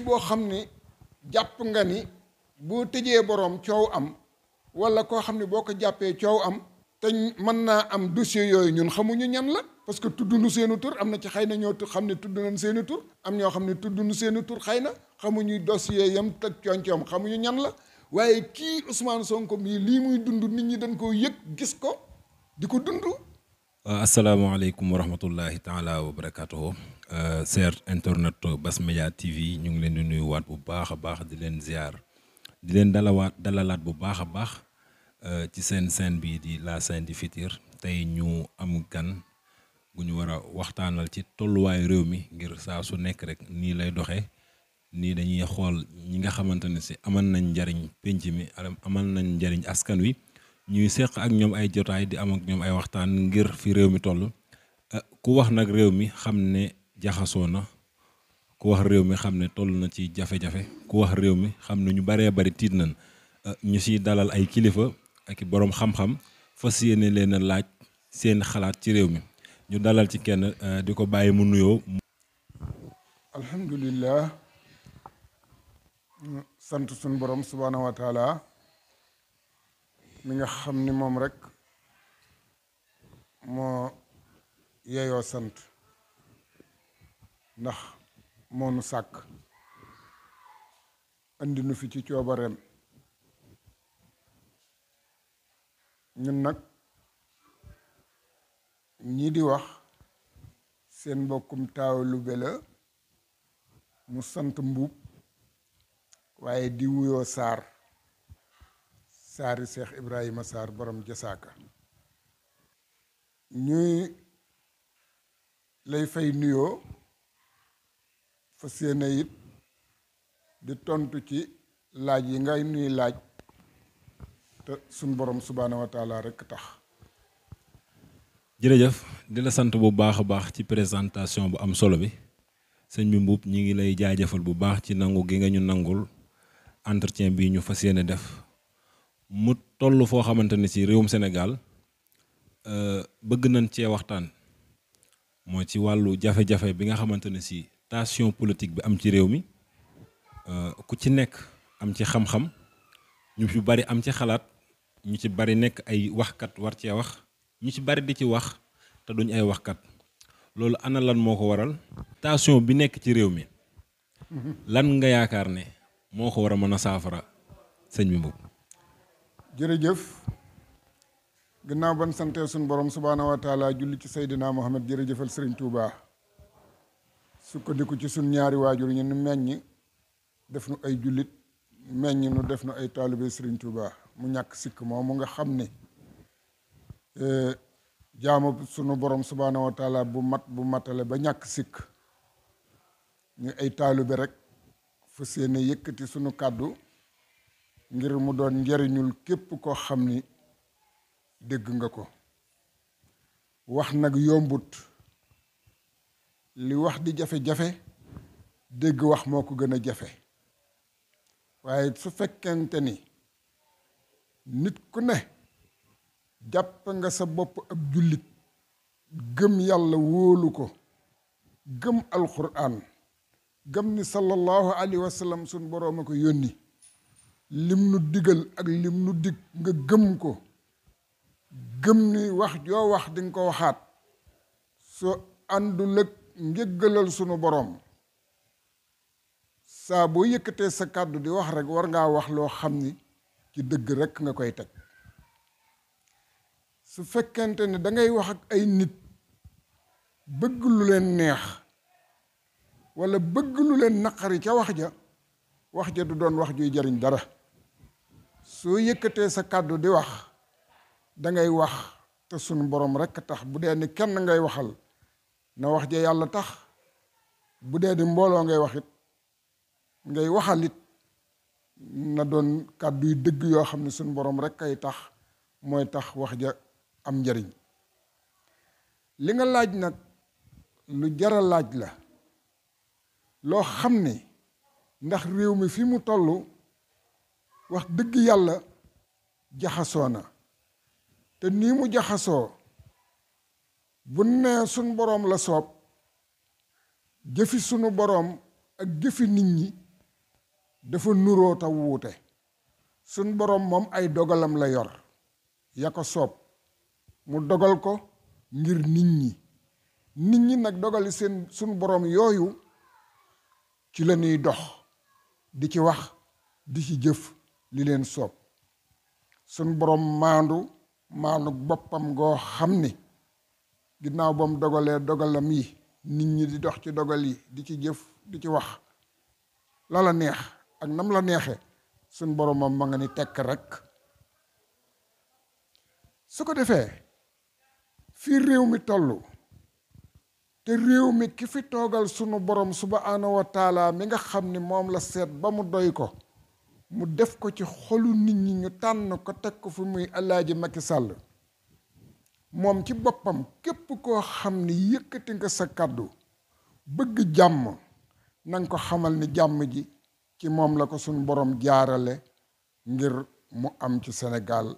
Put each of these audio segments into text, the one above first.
boo xam ni jàpp nga ni boo tëjee boroom coow am walla koo xam ne boo ko jàppee coow am te mën naa am dossier yooyu ñun xamuñu ñan la parce que tuddunu seeni tur am na ci xëy na ñoo xam ne tudd nañ seeni tur am ñoo xam ne tuddunu seeni tur xëy na xamuñu dossier yam teg cooncoom xamuñu ñan la waaye kii Ousmane Sonko mii lii muy dund nit ñi dañ koo yëg gis ko di ko dund. asalaamaaleykum wa rahmatullahi taala wa barakaatuhu. Euh, cher internet Bass Media TV ñu ngi leen di nuyuwaat bu baax a baax di leen ziar di leen dalawaat dalalaat bu baax a baax euh, ci seen scène bi di la scène du futur tey ñu am gan gu ñu war a waxtaanal ci tolluwaayu réew mi ngir saa su nekk rek nii lay doxee nii dañuy xool ñi nga xamante ne si amal nañ njariñ penc mi amal nañ njariñ askan wi ñuy seq ak ñoom ay jotaay di am ak ñoom ay waxtaan ngir fi réew mi toll euh, ku wax nag réew mi xam ne جاخاسونا كو واخ ريومي خامني تول نا سي جافي جافي كو واخ ريومي خامني ني باري باري اي كليفا اك بوروم خام خام فاسيني لين لاج سين خلات سي ريومي ني دالال باي مو الحمد لله سانت سن بوروم سبحانه وتعالى من خامني ممرك رك يا يا سانت ndax moonu sàkk andi nu fi ci coobareem ñun nag ñii di wax seen mbokkum taaw lu bela mu sant mbuub waaye di wuyoo saar saari seex ibrahima saar boroom jasaaka ñuy lay fay nuyoo fas yit di tontu ci laaj yi ngay nuy laaj te sun borom subhanahu wa taala rek tax jerejeuf di la sante bu baakha baax ci presentation bu am solo bi seigne bi mbuub ñi ngi lay jaajeufal bu baax ci nangu gi nga ñu nangul entretien bi ñu fas def mu tollu fo xamanteni ci rewum senegal euh bëgg nañ ci waxtaan ci walu jafe-jafe bi nga xamanteni ci si tension politique bi am ci réew mi euh, ku ci nekk am ci xam-xam ñu ci bari am ci xalaat ñu ci bari nekk ay waxkat war cee wax ñu ci bari di ci wax te duñ ay waxkat loolu ana lan moo ko waral tension bi nekk ci réew mi lan nga yaakaar ne moo ko war a mën a saafara sëñ bi Mboup jërëjëf gannaaw ban sante suñu borom subhaanahu wa taala julli ci Seydina Muhammad jërëjëfal Sëriñ Tuubaa sukkandiku ci sun ñaari waajur ñu nu meññ def nu ay jullit meññ nu def nu ay taalibe Serigne Touba mu ñàkk sikk moom mu nga xam ne e, jaamu sunu borom subhaanahu bu mat bu matale ba ñàkk sikk ñu ay taalibe rek fa séene yëkkati sunu kàddu ngir mu doon njariñul képp koo xam ni dégg nga ko wax nag yombut li wax di jafe-jafe dégg wax moo ko gën a jafe waaye su fekkente ni nit ku ne jàpp nga sa bopp ab jullit gëm yàlla wóolu ko gëm alquran gëm ni sallallahu alayhi wa sunu sun boroom a ko yónni lim nu digal ak lim nu dig nga gëm ko gëm ni wax yoo wax di nga ko waxaat soo àndul ak njëggalal sunu boroom saa boo yëkkatee sa kàddu di wax rek war ngaa wax loo xam ni ci dëgg rekk nga koy teg su fekkente ne dangay wax ak ay nit bëgg lu leen neex wala bëgg lu leen naqari ca wax ja wax ja du doon wax juy jariñ dara soo yëkkatee sa kàddu di wax dangay wax te sunu borom rekk tax bu dee ni kenn ngay waxal na wax ja yàlla tax bu dee di mbooloo ngay waxit ngay waxal it na doon kàdduy dëgg yoo xam ne suñ boroom rekk ay tax mooy tax wax ja am njariñ li nga laaj nag lu jara laaj la loo xam ni ndax réew mi fi mu tollu wax dëgg yàlla jaxasoo na te nii mu jaxasoo bu nee suñ borom la soob jëfi sunu boroom ak jëfi nit ñi dafa nuroo te wuute suñ boroom moom ay dogalam la yor ya ko soob mu dogal ko ngir nit ñi nit ñi nag dogali seen suñ boroom yooyu ci la ñuy dox di ci wax di ci jëf li leen soob suñ boroom maandu maandu boppam goo xam ni ginnaaw ba mu dogalee dogalam yi nit ñi di dox ci dogal yi di ci jëf di ci wax la la neex ak nam la neexee suñ boromam ma nga ni tekk rek su ko defee fii réew mi tollu te réew mi ki fi toogal sunu borom suba wa taala mi nga xam ni moom la seet ba mu doy ko mu def ko ci xolu nit ñi ñu tànn ko teg ko fu muy Alaaji Macky sàll moom ci boppam képp koo xam ni yëkkati nga sa kàddu bëgg jàmm na ko xamal ni jàmm ji ci moom la ko suñ boroom jaarale ngir mu am ci senegal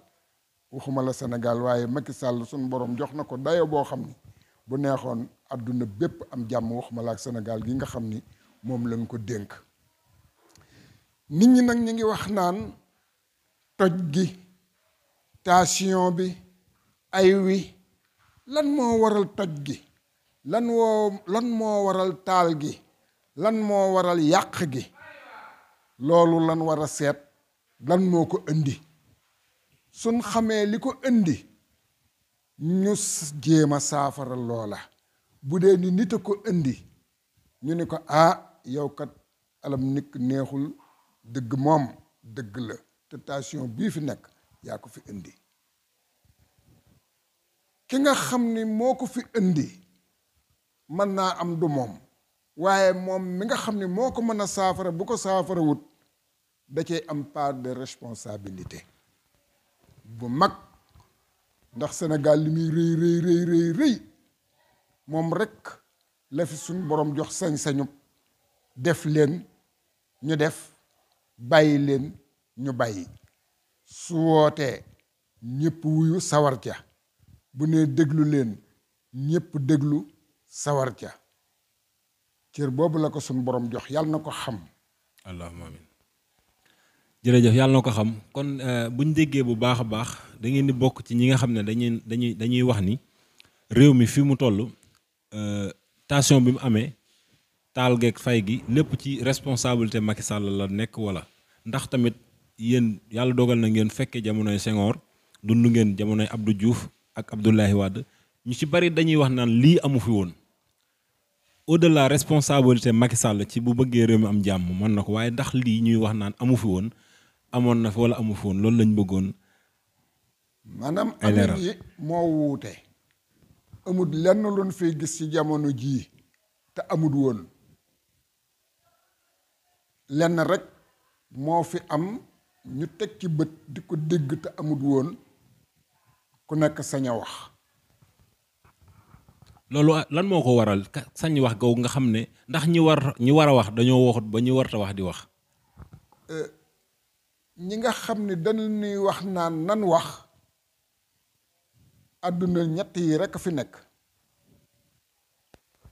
waxuma la Sénégal waaye Macky Sall suñ boroom jox na ko dayo boo xam ni bu neexoon àdduna bépp am jàmm waxuma la ak Sénégal nga xam ni moom lañ ko dénk nit ñi nag ñu ngi wax naan toj gi tasiyon bi ay wi lan moo waral toj gi lan woo lan moo waral taal gi lan moo waral yàq gi loolu lan war a seet lan moo ko indi suñ xamee li ko indi ñu jéem a saafara loola bu dee nit a ko indi ñu ne ko aa ah, yow kat alam nit neexul dëgg moom dëgg la te tension bii fi nekk yaa ko fi indi ki nga xam ni moo ko fi indi mën naa am du moom waaye moom mi nga xam ni moo ko mën a saafara bu ko saafara wut da cee am part de responsabilité bu mag ndax Sénégal li muy rëy rëy rëy moom rekk la fi suñ boroom jox sañ-sañu def leen ñu def bàyyi leen ñu bàyyi su wootee ñépp wuyu sawar ca bu ne len, len ñepp deglu sawar ca cër bobu la ko sun borom jox yal nako xam allahumma amin jere yal nako xam kon euh, bu déggé bu baax bah, baax da ngeen di bok ci ñi nga xam ne dañuy dañuy dañuy wax ni réew mi fi mu euh tension bi mu amé tal gek fay gi lepp ci responsabilité Macky Sall la nek wala ndax tamit yeen yalla dogal na ngeen fekke jamono sengor dundu ngeen jamono Abdou Diouf ak Abdoulaye Wade ñu ci bari dañuy wax naan lii amu fi woon au-delà responsabilité Macky Sall ci bu bëggee réew mi am jàmm mën na ko waaye ndax lii ñuy wax naan amu fi woon amoon na fi wala amu fi woon loolu lañ bëggoon. maanaam amin yi moo wuute amul lenn luñ gis ci jamono jii te amul woon lenn rek moo fi am ñu teg ci bët di ko dégg te amul woon ku nek sañ wax lolu lan moko waral sañ wax gaw nga xamne ndax ñi war ñi wara wax dañoo waxut ba ñu warta wax di wax euh, ñi nga xamne dañ ni wax naan nan wax aduna ñet yi rek fi nek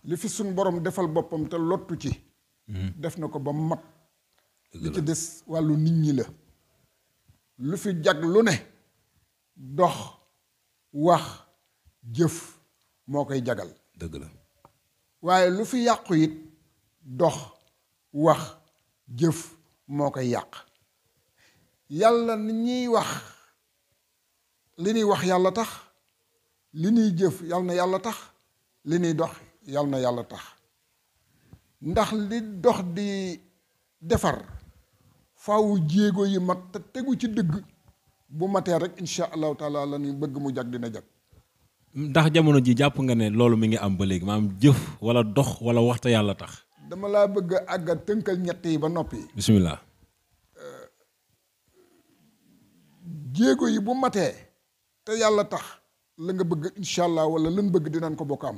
li fi sun borom defal bopam te lotu ci hmm. def nako ba mat li ci dess walu nit ñi la lu fi jag lu ne dox wax jëf moo koy jagal dëgg la waaye lu fi yàqu it dox wax jëf moo koy yàq yàlla ni ñuy wax li ñuy wax yàlla tax li ñuy jëf yàlla na yàlla tax li nuy dox yàlla na yàlla tax ndax li dox di defar faaw jéego yi mat te tegu ci dëgg bu matee rek incha allahu taala la ñuy bëgg mu jag dina jag. ndax jamono ji jàpp nga ne loolu mi ngi am ba léegi maam jëf wala dox wala waxta yàlla tax. dama laa bëgg a àgga tënkal ñett yi ba noppi. bisimilah. Eh, jéego yi bu matee te yàlla tax la nga bëgg incha allah wala lan bëgg dinañ ko bokk am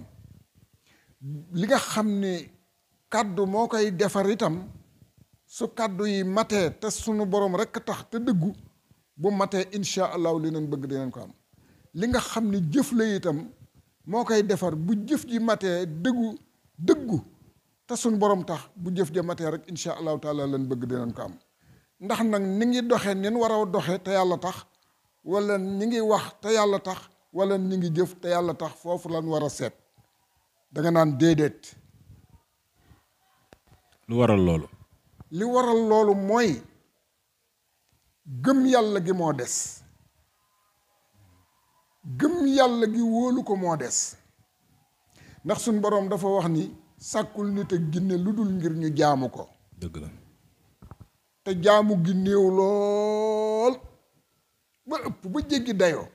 li nga xam ni kàddu moo koy defar itam su kàddu yi matee te sunu borom rek tax te dëggu. bu matee incha allahu li leen bëgg dinañ ko am li nga xam ni jëf la itam moo koy defar bu jëf ji matee dëggu dëggu te suñ borom tax bu jëf ji matee rek incha allahu taala leen bëgg dinañ ko am ndax nag ni ngi doxee nin war a doxee te yàlla tax walla ñi ngi wax te yàlla tax wala ñi ngi jëf te yàlla tax foofu lan war a seet danga naan déedéet. lu waral loolu. li waral loolu mooy. gëm yàlla gi moo des gëm yàlla gi wóolu ko moo des ndax suñu boroom dafa wax ni sàkkul nit ak ginne lu dul ngir ñu jaamu ko te jaamu gi néew lool ba ëpp ba jéggi dayoo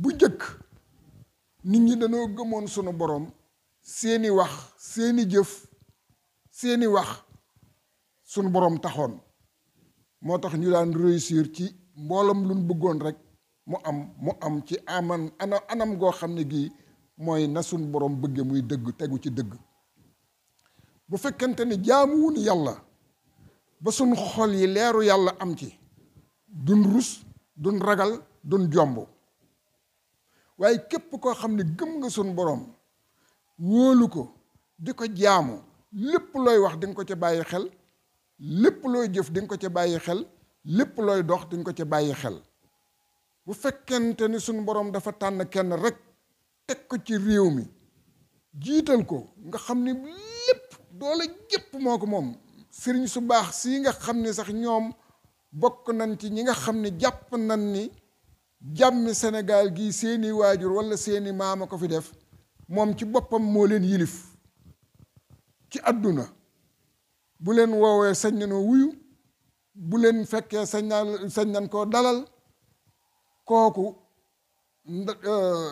bu jëkk nit ñi dañoo gëmoon sunu boroom seeni wax seeni jëf seeni wax sunu boroom taxoon motax ñu daan réussir ci mbolam luñ bëggoon rek mu am mu am ci aman ana anam go xam gi nasun borom bëgge muy dëgg tegu ci dëgg bu fekkante ni yalla, yalla ba suñ xol yi leeru yalla am ci duñ rus duñ ragal duñ jombo waye kep ko xam gëm nga suñ borom wóolu diko jaamu lepp loy wax ding ko ci baye xel lépp looy jëf di ko ca bàyyi xel lépp looy dox di ko ca bàyyi xel bu fekkente ni suñ boroom dafa tànn kenn rek teg ko ci réew mi jiital ko nga xam ni lépp doole jëpp moo ko moom sëriñ su baax sii nga xam ni sax ñoom bokk nañ ci ñi nga xam ni jàpp nañ ni jàmmi senegal gii seeni waajur wala seeni maama ko fi def moom ci boppam moo leen yilif ci àdduna bu leen woowee sañ nanoo wuyu bu leen fekkee sañ naa sañ nan koo dalal kooku euh,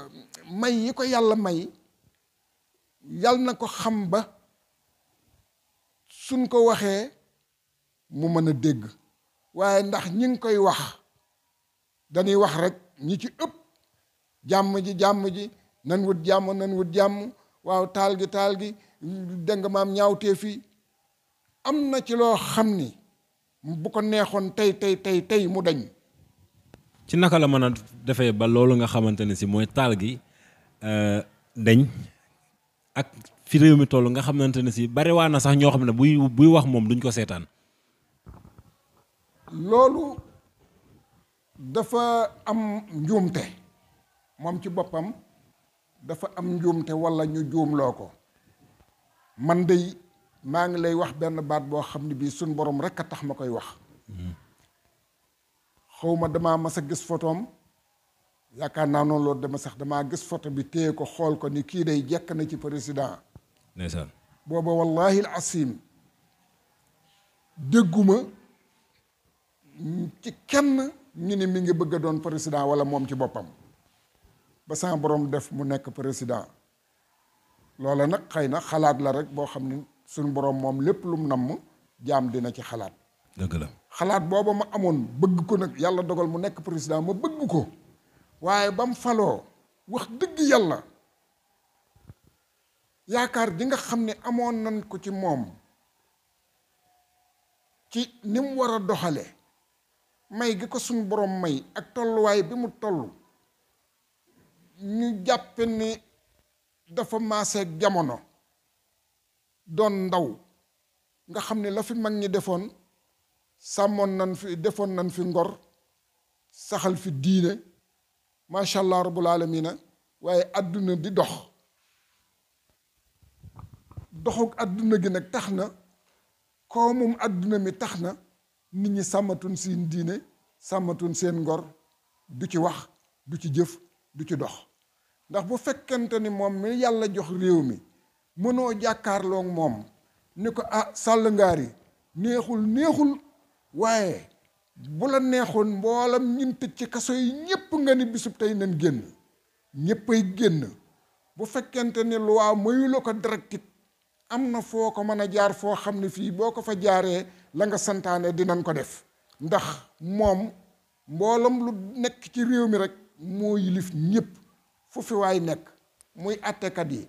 may yi ko yàlla may yàlla na ko xam ba suñ ko waxee mu mën a dégg waaye ndax ñi ngi koy wax dañuy wax rek ñi ci ëpp jàmm ji jàmm ji nan wut jàmm nan wut jàmm waaw taal gi taal gi dégg maam ñaawtee fii am na ci loo xam ni bu ko neexoon tey tey tey tey mu dañ. ci naka la mën a defee ba loolu nga xamante ne si mooy taal gi euh, dañ ak fi réew mi toll nga xamante ne si bari waa na sax ñoo xam ne buy buy wax moom duñ ko seetaan. loolu dafa am njuumte moom ci boppam dafa am njuumte walla ñu juumloo ko man dey mang lay wax ben baat bo xamni bi suñ borom rek tax makoy wax xawma dama ma sa gis photoom yaakaar naa noonu loolu dama sax dama gis photo bi tey ko xol ko ni ki day jek na ci président neesal bobo wallahi al asim deguma ci kenn ñu ni mi ngi bëgg doon président wala moom ci boppam ba sama borom def mu nekk président loola nag xëy na xalaat la rek boo xam ni suñu borom moom lépp lu mu namm jaam dina ci xalaat. dëgg la xalaat booba ma amoon bëgg ko nag yàlla dogal mu nekk président ma bëgg ko waaye ba mu faloo wax dëgg yàlla yaakaar ji nga xam ne amoon nan ko ci moom ci ni mu war a doxale may gi ko suñu borom may ak tolluwaay bi mu toll ñu jàpp ni dafa maaseeg jamono doon ndaw nga xam ne la fi mag ñi defoon sàmmoon nan fi defoon nan fi ngor saxal fi diine macha allah rabbul alamina waaye àdduna di dox doxuk àdduna gi nag tax na koomum àdduna mi tax na nit ñi sàmmatuñ seen diine sàmmatuñ seen ngor du ci wax du ci jëf du ci dox ndax bu fekkente ni moom mi yàlla jox réew mi mënoo jàkkaarlook moom ni ko ah sàll ngaar yi neexul neexul waaye bu la neexoon mboolam ñint ci kaso yi ñépp nga ni bisub tey nañ génn ñéppay génn bu fekkente ni luwaa mayu la ko directif am na foo ko mën a jaar foo xam ne fii boo ko fa jaaree la nga santaane dinañ ko def ndax moom mboolam lu nekk ci réew mi rek moo yilif ñépp fu fi waay nekk muy àttekat yi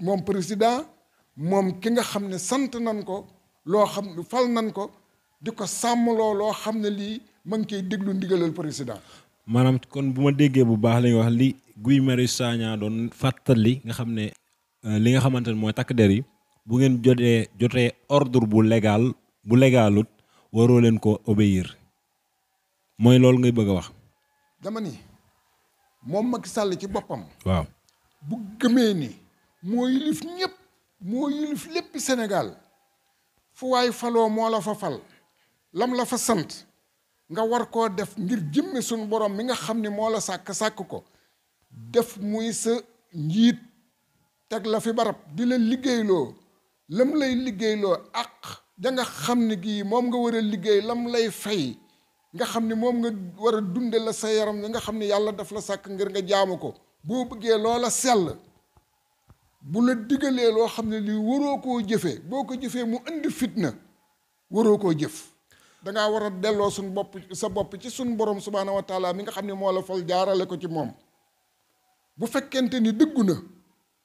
mom président mom ki nga xam sant nan ko lo xam fal nan ko diko sam lo lo xam li mang ma deglu ndigalal président. manam kon bu déggé bu baax la wax li Guy mari saña don fatali nga xam euh, li nga xamantene moy tak der yi bu ngeen jotee ordre bu légal bu légalout waro len ko obéir moy lol ngay bëgg wax. dama ni mom Macky Sall ci bopam waaw bu gëmé ni. moo yilif ñépp moo yilif léppi Sénégal fu waay faloo moo la fa fal lam la fa sant nga war koo def ngir jëmme suñu borom mi nga xam ne moo la sàkk sàkk ko def muy sa njiit teg la fi barab di la liggéeyloo lam lay liggéeyloo ak da xam ne gii moom nga war a liggéey lam lay fay nga xam ne moom nga war a dunde la sa yaram nga xam ne yàlla daf la sàkk ngir nga jaamu ko boo bëggee loola sell bu la digalee loo xam ne lii waroo koo jëfee boo ko jëfee mu indi fitna waroo koo jëf dangaa ngaa war a delloo suñ bopp sa bopp ci suñ borom subhaanahu wa taala mi nga xam ne moo la fal jaarale ko ci moom bu fekkente ni dëggu na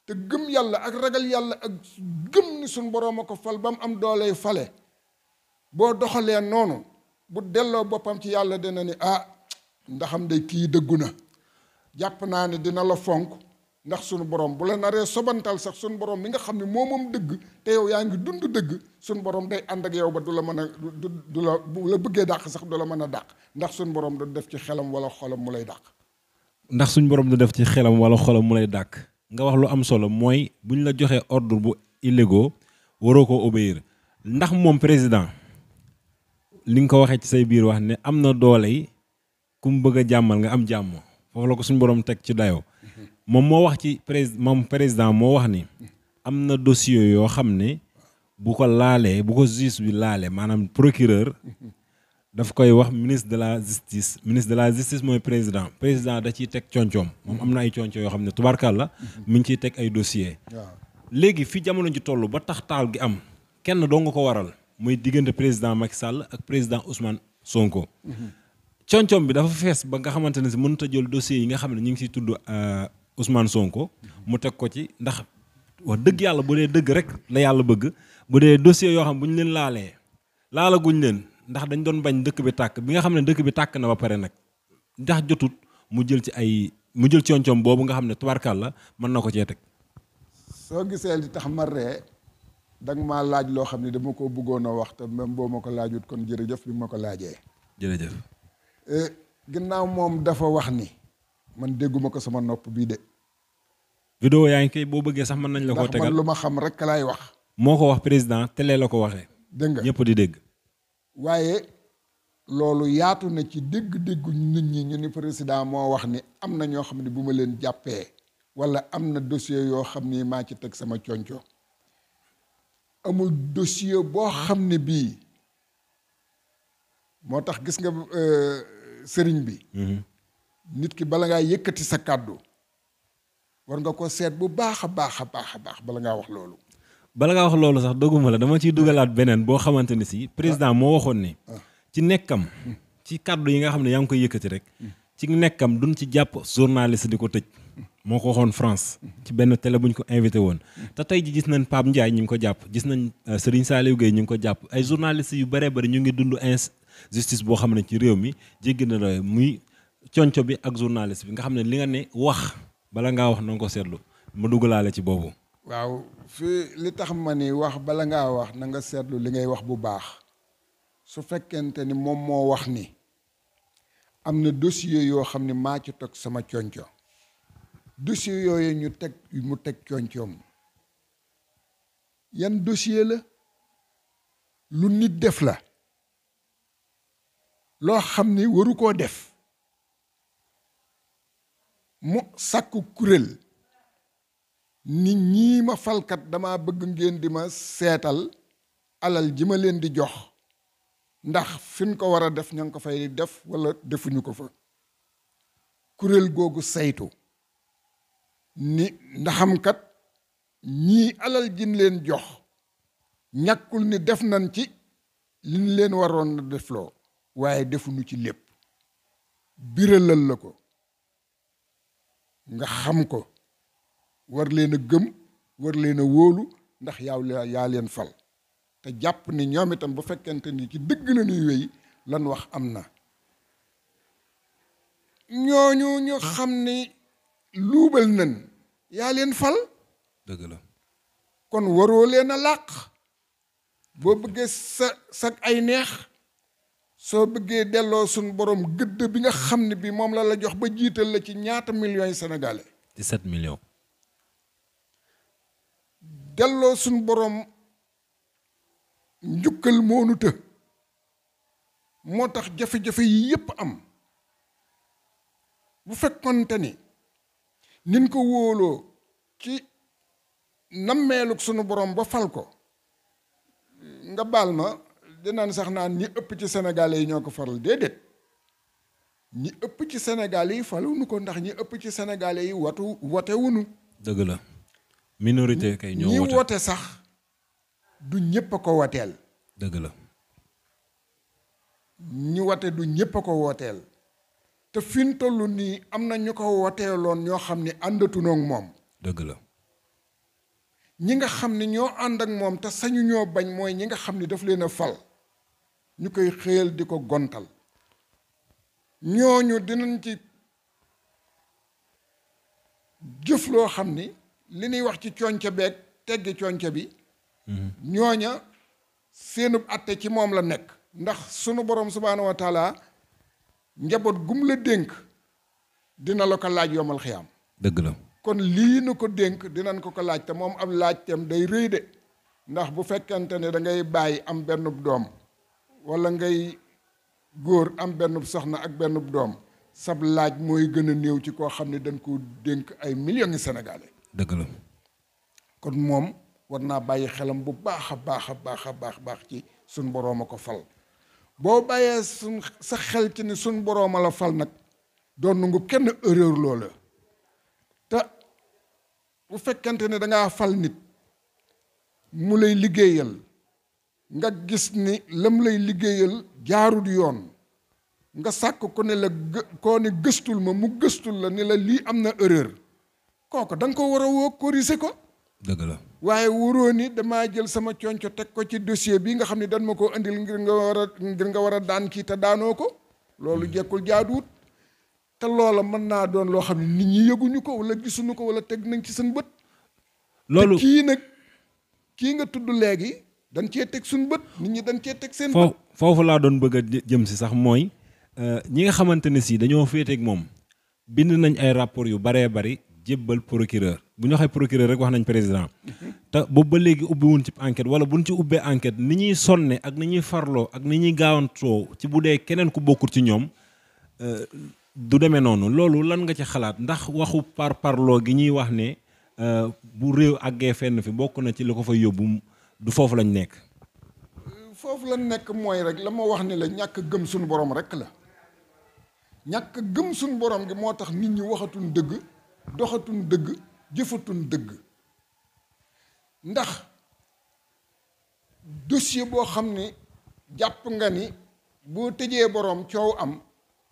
te gëm yàlla ak ragal yàlla ak gëm ni suñ borom a ko fal ba mu am dooley fale boo doxalee noonu bu delloo boppam ci yàlla dina ni ah ndaxam de kii dëggu na jàpp naa ne dina la fonk ndax suñu borom bu la naré sobantal sax suñu borom mi nga xamni ne moo moom dëgg yow yaa ngi dund deug suñu borom day and ak yow ba dula mëna dula bu la bëggé dakk sax dula mëna dakk ndax suñu borom do def ci xélam wala xolam mu lay dakk ndax suñu borom do def ci xélam wala xolam mu lay dakk nga wax lu am solo moy buñ la joxé ordre bu illégo waro ko obéir ndax mom président li nga waxé ci say biir wax ne am na kum bëgg jammal nga am jamm foofu la ko suñu borom tek ci dayo moom moo wax ci prés moom président moo wax ni am na dossier yoo xam ne bu ko laalee bu ko justice bi laalee maanaam procureur daf koy wax ministre de la justice ministre de la justice mooy président président da ciy teg concoom moom am na ay conco yoo xam ne tubaarkal la mi ngi ciy teg ay dossier léegi fi jamono ji toll ba tax taal gi am kenn doo nga ko waral muy diggante président Macky Sall ak président Ousmane Sonko. Mhm. concoom bi dafa fees ba nga xamante ne si mënut a jël dossier yi nga xam ne ñu ngi ciy tudd euh, Ousmane Sonko mu teg ko ci ndax wax dëgg yàlla bu dee dëgg rek la yàlla bëgg bu dee dossier yoo xam ne bu ñu leen laalee laala guñ leen ndax dañ doon bañ dëkk bi tàkk bi nga xam ne dëkk bi tàkk na ba pare nag ndax jotut mu jël ci ay mu jël ci coom-coom boobu nga xam ne tubarkal la mën na ko cee teg. soo gisee li tax ma ree danga maa laaj loo xam ne dama ko bëggoon a wax te même boo ma ko laajut kon jërëjëf bi ma ko laajee. jërëjëf. Eh, ginnaaw moom dafa wax ni. man dégguma ko sama nopp bii de. vidéo yaa ngi koy boo bëggee sax man nañ la koo tegal man lu ma xam rek laay wax. moo ko wax président télé la ko waxee. dégg nga ñëpp di dégg. waaye loolu yaatu na ci dégg-déggu nit ñi ñu ni président moo wax ni am na ñoo xam ne bu ma leen jàppee wala am na dossier yoo xam ni maa ci teg sama conco amul dossier boo xam ne bii moo tax gis nga euh, sëriñ bi. Mm-hmm. nit ki bala ngaa yëkkati sa kàddu war nga ko seet bu baax a baax a baax a baax bala ngaa wax loolu. bala ngaa wax loolu sax doguma la dama ciy dugalaat beneen boo xamante ni si président ah. moo waxoon ni. Ah. ci nekkam. Hmm. ci kàddu yi nga xam ne yaa ngi koy yëkkati rek. Hmm. ci nekkam duñ ci jàpp journaliste di ko tëj. Hmm. moo ko waxoon France ci benn télé bu ñu ko invité woon te tey ji gis nañ Pape Ndiaye ñu ngi ko jàpp gis nañ euh, Serigne Saliou Gueye ñu ngi ko jàpp ay journalistes yu bëree bëri ñu ngi dund injustice boo xam ne ci réew mi jéggi na la muy conco bi ak journaliste bi nga xam ne li nga ne wax bala ngaa wax na ko seetlu ma dugalaale ci boobu. waaw fii li tax ma ni wax bala ngaa wax nanga seetlu li ngay wax bu baax su fekkente ni moom moo wax ni am na dossier yoo xam ne maa ci teg sama conco dossier yooyu ñu teg mu teg concoom yan dossier la lu nit def la loo xam ni waru koo def. mu sàkku kuréel nit ñii ma falkat dama bëgg ngeen di ma seetal alal ji ma leen di jox ndax fin ko war a def ña ko fay def walla defuñu ko fa kuréel googu saytu ni ndaxamkat ñii alal jin leen jox ñàkkul ni def nañ ci liñ leen waroon na defloo waaye defuñu ci lépp biralal la ko nga xam ko war leen a gëm war leen a wóolu ndax yaaw yaa leen fal te jàpp ni ñoom itam bu fekkente ni ci dëgg la ñuy wéy lan wax am na ñooñu ñu xam ni luubal nan yaa leen fal dëgg la kon waroo leen a làq boo bëggee sa sag ay neex soo bëggee delloo suñu borom gëdd bi nga xam ne bi moom la la jox ba jiital la ci ñaata millions yi sénégalais. 17 millions. delloo suñu borom njukkal moonu të moo tax jafe-jafe yi yépp am bu fekkonte ni nin ko wóoloo ci nammeelug sunu borom ba fal ko nga baal ma. dinaan sax naan ñi ëpp ci Sénégalais yi ñoo ko faral déedéet ñi ëpp ci Sénégalais yi faluwunu ko ndax ñi ëpp ci Sénégalais yi watu wotewunu dëgg la minorité kay ñoo wote ñi wote sax du ñëpp a ko wateel. dëgg la. ñi wate du ñëpp a ko wooteel te fi toll nii am na ñu ko woteeloon ñoo xam ne àndatuna ak moom. dëgg la. ñi nga xam ne ñoo ànd ak moom te sañu ñoo bañ mooy ñi nga xam ni daf leen a fal. ñu koy xëyal di ko gontal ñooñu dinañ ci jëf loo xam ni li ñuy wax ci conce beeg teggi conce bi mhm. ñooña seenub atte ci moom la nekk ndax sunu borom subhaanahu wa njaboot gum la dénk dina la ko laaj yomal xiyaam dëgg la kon lii nu ko dénk dinañ ko ko laaj te moom ab laaj tem day rëy de ndax bu fekkente ne dangay bàyyi am benn doom wala ngay góor am benn soxna ak benn doom sab laaj mooy gën a néew ci koo xam ne dañ ko dénk ay millions yi sénégalais. kon moom war naa bàyyi xelam bu baax a baax a baax a baax baax ci suñ boroom a ko fal boo bàyyee suñ sa xel ci ni suñ boroom a la fal nag doon nangu kenn erreur loola te bu fekkente ne dangaa fal nit mu lay liggéeyal. nga gis ni lam lay liggéeyal jaarul yoon nga sàkk ko ne la koo ne gëstul ma mu gëstul la ne la lii am na erreur kooku danga ko war a woo corriger ko dëgg la waaye wóoroo ni damaa jël sama conco teg ko ci dossier bi nga xam ne dan ma ko indil ngir nga war a nga war a daan kii te daanoo ko loolu hmm. jekkul jaaduwut te loola mën naa doon loo xam ne nit ñi yëguñu ko wala gisuñu ko wala teg nañ ci seen bët loolu kii nag kii nga tudd léegi dañ cee teg suñ bët nit ñi dañ cee teg seen bët foofu laa doon bëgg jëm si sax mooy euh, ñi nga xamante ne si dañoo féeteeg moom bind nañ ay rapport yu baree bari jébbal procureur bu ñu waxee procureur rek wax nañ président te boobu ba léegi ubbiwun ci enquête wala buñ ci ubbee enquête ni ñuy sonnee ak ni ñuy farloo ak ni ñuy gaawantoo ci bu dee keneen ku bokkul ci ñoom euh, du demee noonu loolu lan nga ci xalaat ndax waxu par parloo gi ñuy wax ne euh, bu réew àggee fenn fi bokk na ci li ko fa yóbbu du foofu lañ nekk. foofu lañ nekk mooy rek la ma wax ni la ñàkk gëm suñu borom rek la ñàkk gëm suñu borom gi moo tax nit ñi waxatuñ dëgg doxatuñ dëgg jëfatuñ dëgg ndax dossier boo xam ni jàpp nga ni boo tëjee borom coow am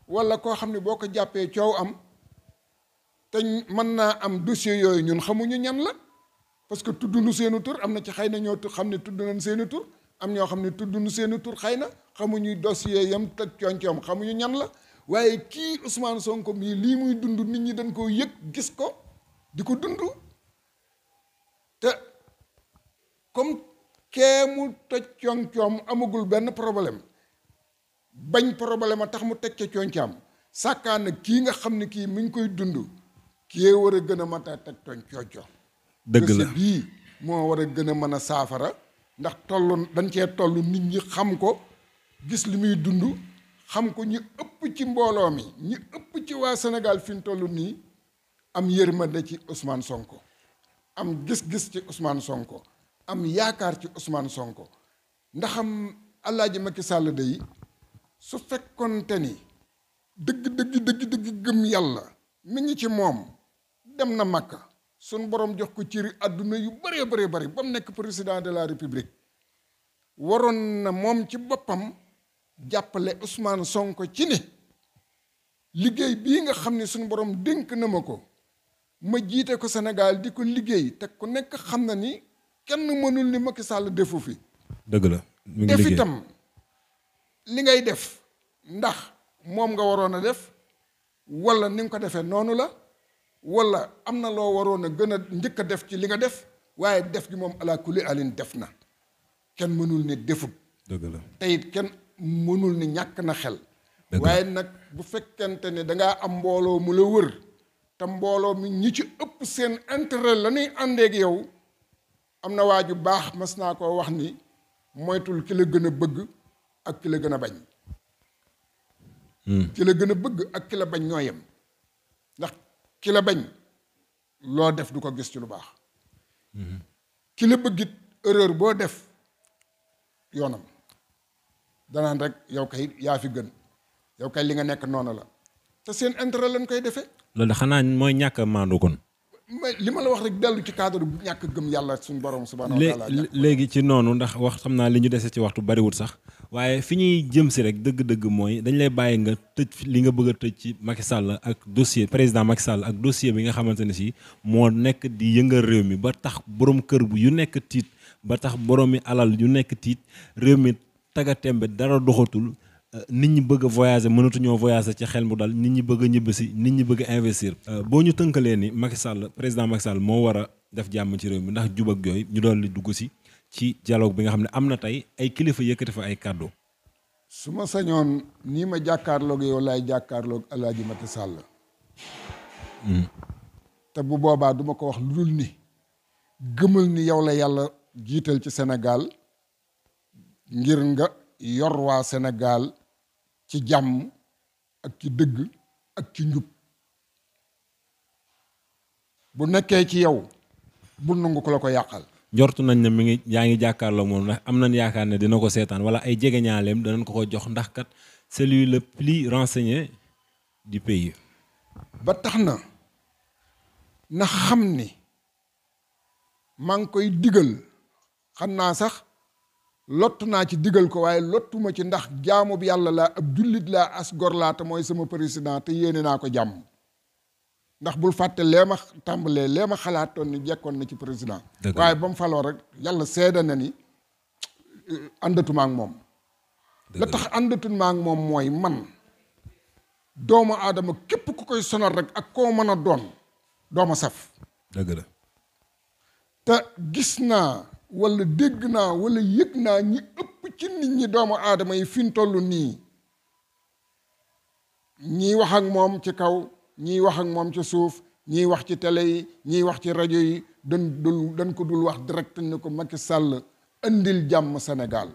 walla koo xam ne boo ko jàppee coow am te mën naa am dossier yooyu ñun xamuñu ñam la. parce que tudd nu seeni tur am na ci xëy na ñoo xam ne tudd nañ seeni tur am ñoo xam ne tudd nu seeni tur xëy na xamuñu dossier yam teg cooncoom xamuñu ñan la waaye kii Ousmane Sonko mii lii muy dund nit ñi dañ koo yëg gis ko di ko dund te comme kee mu toj cooncoom amagul benn problème bañ problème a tax mu teg ca cooncaam sàkkaana kii nga xam ne kii mi koy dund kii war a gën a mat a teg cooncoom dëgg la bii moo war a gën a mën a saafara ndax toll dañ cee toll nit ñi xam ko gis li muy dund xam ko ñi ëpp ci mbooloo mi ñi ëpp ci waa Sénégal fi ñu toll nii am yërmande ci Ousmane Sonko am gis-gis ci Ousmane Sonko am yaakaar ci Ousmane Sonko ndaxam Alaaji Macky Sall day su fekkonte ni dëgg dëgg dëgg dëgg gëm yàlla mi ngi ci moom dem na Makka sun borom jox ko ciri àdduna yu bëree bëree bëri ba nekk président de la république waroon na moom ci boppam jàppale Ousmane sonk ci ni liggéey bii nga xam ne suñu borom dénk na ma ko ma jiite ko Sénégal di ko liggéey te ku nekk xam na ni kenn mënul ni Macky sàll defu fi. dëgg la mi ngi liggéey def itam li ngay def ndax moom nga waroon a def wala ni nga ko defee noonu la. wala am na loo waroon a gën a njëkk a def ci li nga def waaye def ji moom ala kulli alin def na kenn mënul ne defut dëgg la te kenn mënul ni ñàkk na xel waaye nag bu fekkente ne dangaa am mbooloo mu la wër te mbooloo mi ñi ci ëpp seen intérêt la ñuy àndeeg yow am na waa ju baax mas naa koo wax ni moytul ki gën a bëgg ki la gën a bañ hmm. ki la gën a bëgg ak ki la bañ ñoo yem ndax ki la bañ loo def du ko gis ci lu baax ki la bëggit erreur boo def yoonam danaan rek yow kay yaa fi gën yow kay li nga nekk noonu la te seen intérêt lañ koy defee loolu xanaa mooy ñàkk a maandu kon li ma la wax rek dellu ci cadre bu ñàkk gëm yàlla suñu borom subhanahu léegi ci noonu ndax wax xam naa li ñu dese ci waxtu bariwul sax waaye fi ñuy jëm si rek dëgg-dëgg mooy dañu lay bàyyi nga tëj li nga bëgg a tëj ci Macky Sall ak dossier président Macky Sall ak dossier bi nga xamante ne si moo nekk di yëngal réew mi ba tax borom kër bu yu nekk tiit ba tax boroomi alal yu nekk tiit réew mi tagatembe dara doxatul nit ñi bëgg a mënatuñoo voyager ci xel mu dal nit ñi bëgg a ñibbisi nit ñi bëgg investir. Euh, boo ñu tënkalee ni Macky sàll président Macky Sall moo war a def jàmm ci réew mi ndax jubak ak yooyu ñu doon li dugg si ci dialogue bi nga xam ne am na tey ay kilifa yëkkati fa ay kàddu. su ma sañoon nii ma jàkkaarloog yow laay jàkkaarloog El Hadj Macky Sall. Hmm. te bu boobaa duma ko wax lu dul ni. gëmal ni yow la yàlla jiital ci senegal ngir nga yor waa senegal ci jàmm ak ci dëgg ak ci njub bu nekkee ci yow bul nangu ko la ko yàqal. jortu nañ ne mi ngi yaa ngi jàkkaarloo moom ndax am nañ yaakaar ne dina ko seetaan wala ay jegeñaaleem danañ ko ko jox ndax kat celui le plus renseigné du pays. ba tax na na xam ni maa ngi koy digal xam naa sax. lottu naa ci digal ko waaye lottuma ci ndax jaamu bi yàlla laa ab jullit laa as gor laa te mooy sama président te yéene naa ko jàmm ndax bul fàtte lee ma tàmbalee lee ma xalaatoon ni jekkoon na ci président waaye ba mu faloo rek yàlla seede na ni eh, àndatuma moom la tax àndatuma ak moom mooy man doomu aadama képp ku koy sonal rek ak koo mën a doon doomu saf dëgg la te gis naa wala dégg naa wala yëg naa ñi ëpp ci nit ñi doomu aadama yi fi mu toll nii ñiy wax moom ci kaw ñiy wax moom ci suuf ñiy wax ci tele yi ñiy wax ci rajo yi dañ dul dañ ko dul wax direct ni ko Macky Sall indil jàmm Sénégal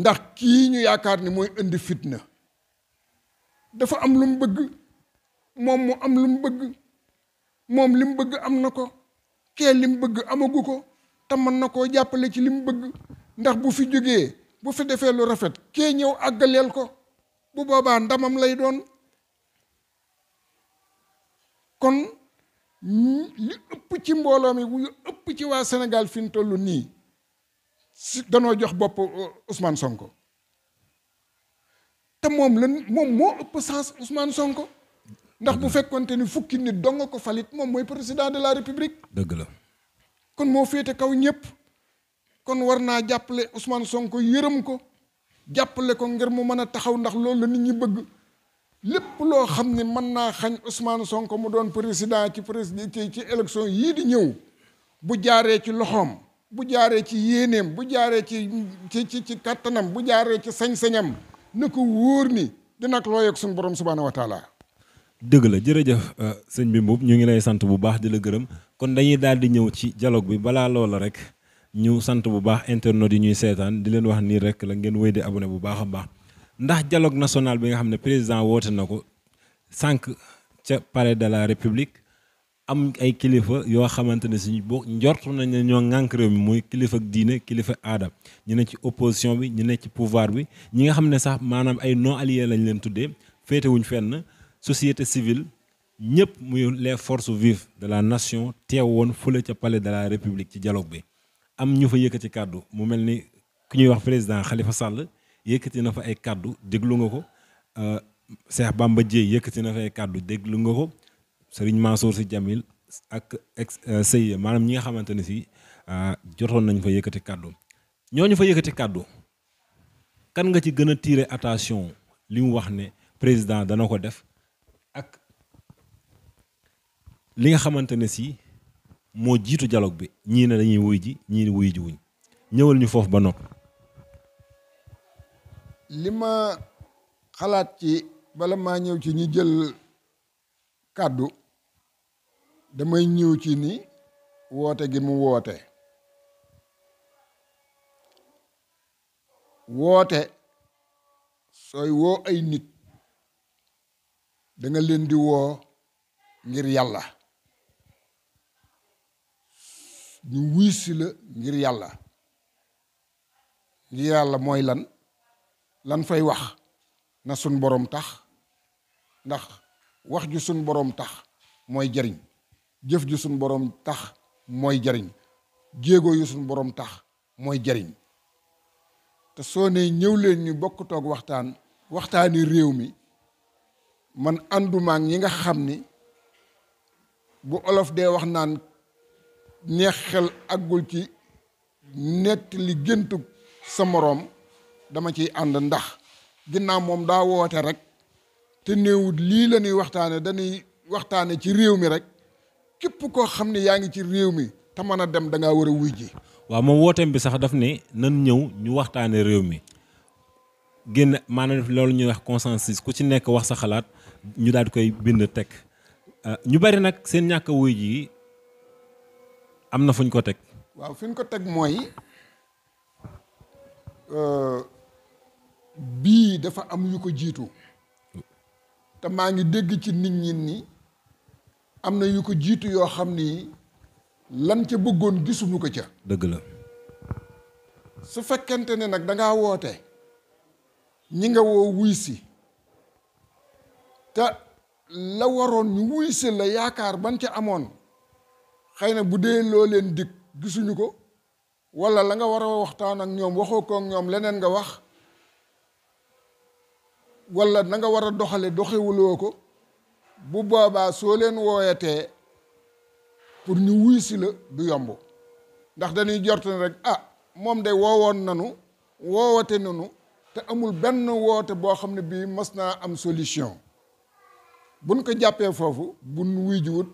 ndax kii ñu yaakaar ni mooy indi fitna dafa am lu mu bëgg moom mu am lu mu bëgg moom li mu bëgg am na ko kee li mu bëgg amagu ko te mën na koo jàppale ci li mu bëgg ndax bu fi jógee bu fi defee lu rafet kee ñëw àggaleel ko bu boobaa ndamam lay doon kon li ëpp ci mbooloo mi wu ëpp ci waa senegal fi mu toll nii si danoo jox bopp uh, Ousmane Sonko te moom la moom moo ëpp sens Ousmane Sonko ndax bu fekkonte ni fukki nit dong ko falit moom mooy président de la république dëgg la kon moo féete kaw ñëpp kon war naa jàppale usmaan Sonko yërëm ko jàppale ko ngir mu mën a taxaw ndax loolu la nit ñi bëgg lépp loo xam ne mën naa xañ Ousmane Sonko mu doon président ci président ci élection yii di ñëw bu jaaree ci loxoom bu jaaree ci yéeneem bu jaaree ci ci ci ci kàttanam bu jaaree ci sañ-sañam na ko wóor ni dina ko looyeeg suñu borom subhaanahu wa taala. dëgg la jërëjëf euh, sëñ bi Mbuub ñu ngi lay sant bu baax di la gërëm. kon dañuy daal di ñëw ci dialogue bi balaa loola rek ñu sant bu baax internautes yi ñuy seetaan di leen wax nii rek la ngeen wéy di abonné bu baax a baax ndax dialogue nationale bi nga xam ne président woote na ko sànq ca palais de la république am ay kilifa yoo xamante ne si boo njort nañ ne ñoo ŋànk réew mi muy kilifa diine kilifa aada ñu ne ci opposition bi ñu ne ci pouvoir bi ñi nga xam ne sax maanaam ay non alliés lañ leen tuddee féetewuñ fenn société civile ñëpp muy les forces vives de la nation téwone woon ci palais de la république ci dialogue bi am ñu fa yëkkati cadeau mu melni ku ñuy wax président Khalifa Sall yëkkati na fa ay kàddu déglu nga ko euh, Cheikh Bamba Dièye yëkkati na fa ay kàddu déglu nga ko Serigne Mansour sidjamil Djamil ak ex CIE euh, maanaam ñi nga xamanteni ne si euh, jotoon nañ fa yëkkati cadeau ñoñu fa yëkkati cadeau kan nga ci gëna tirer attention limu wax né président dana ko def. li nga xamante ne si moo jiitu dialogue bi ñii ne dañuy wuy ji ñii wuy ji wuñ ñëwal ñu foofu ba noppi. li ma xalaat ci bala maa ñëw ci ñi jël kàddu damay ñëw ci ni woote gi mu woote woote sooy woo ay nit danga leen di woo ngir yàlla ñu wuy si la ngir yàlla ngir yàlla mooy lan lan fay wax na sun boroom tax ndax wax ju sun boroom tax mooy jariñ jëf ju sun boroom tax mooy jariñ jéego yu sun boroom tax mooy jariñ te soo nee ñëw leen ñu bokk toog waxtaan waxtaani réew mi man àndumaak yi nga xam ni bu olof dee wax naan neex xel àggul ci nett li géntu sa moroom dama ciy ànd ndax ginnaaw moom daa woote rek te néewut lii la ñuy waxtaane dañuy waxtaane ci réew mi rek képp koo xam ne yaa ngi ci réew mi te mën a dem da ngaa war a wuy ji waaw moom wooteem bi sax daf ne nan ñëw ñu waxtaane réew mi génn maanaam loolu ñuy wax consensus ku ci nekk wax sa xalaat ñu daal di koy bind teg ah, ñu bari nag seen ñàkk wuy ji am na fu ñu ko teg. waaw fi ñu ko teg mooy euh, bii dafa am yu ko jiitu te maa ngi dégg ci nit ñi ni am na yu ko jiitu yoo xam ni lan ca bëggoon gisuñu ko ca. dëgg la. su fekkente ne nag da woote ñi nga woo wuy si te la waroon ñu wuy si la yaakaar ban ca amoon. xëy na bu dee loo leen dig gisuñu ko wala la nga war a waxtaan ak ñoom waxoo ko ak ñoom leneen nga wax wala na nga war a doxale doxewuloo ko bu boobaa soo leen wooyatee pour ñu wuy si la du yomb ndax dañuy jort ne rek ah moom de woowoon nanu woowate nanu te amul benn woote boo xam ne bii mas naa am solution buñ ko jàppee foofu buñ wuy jiwut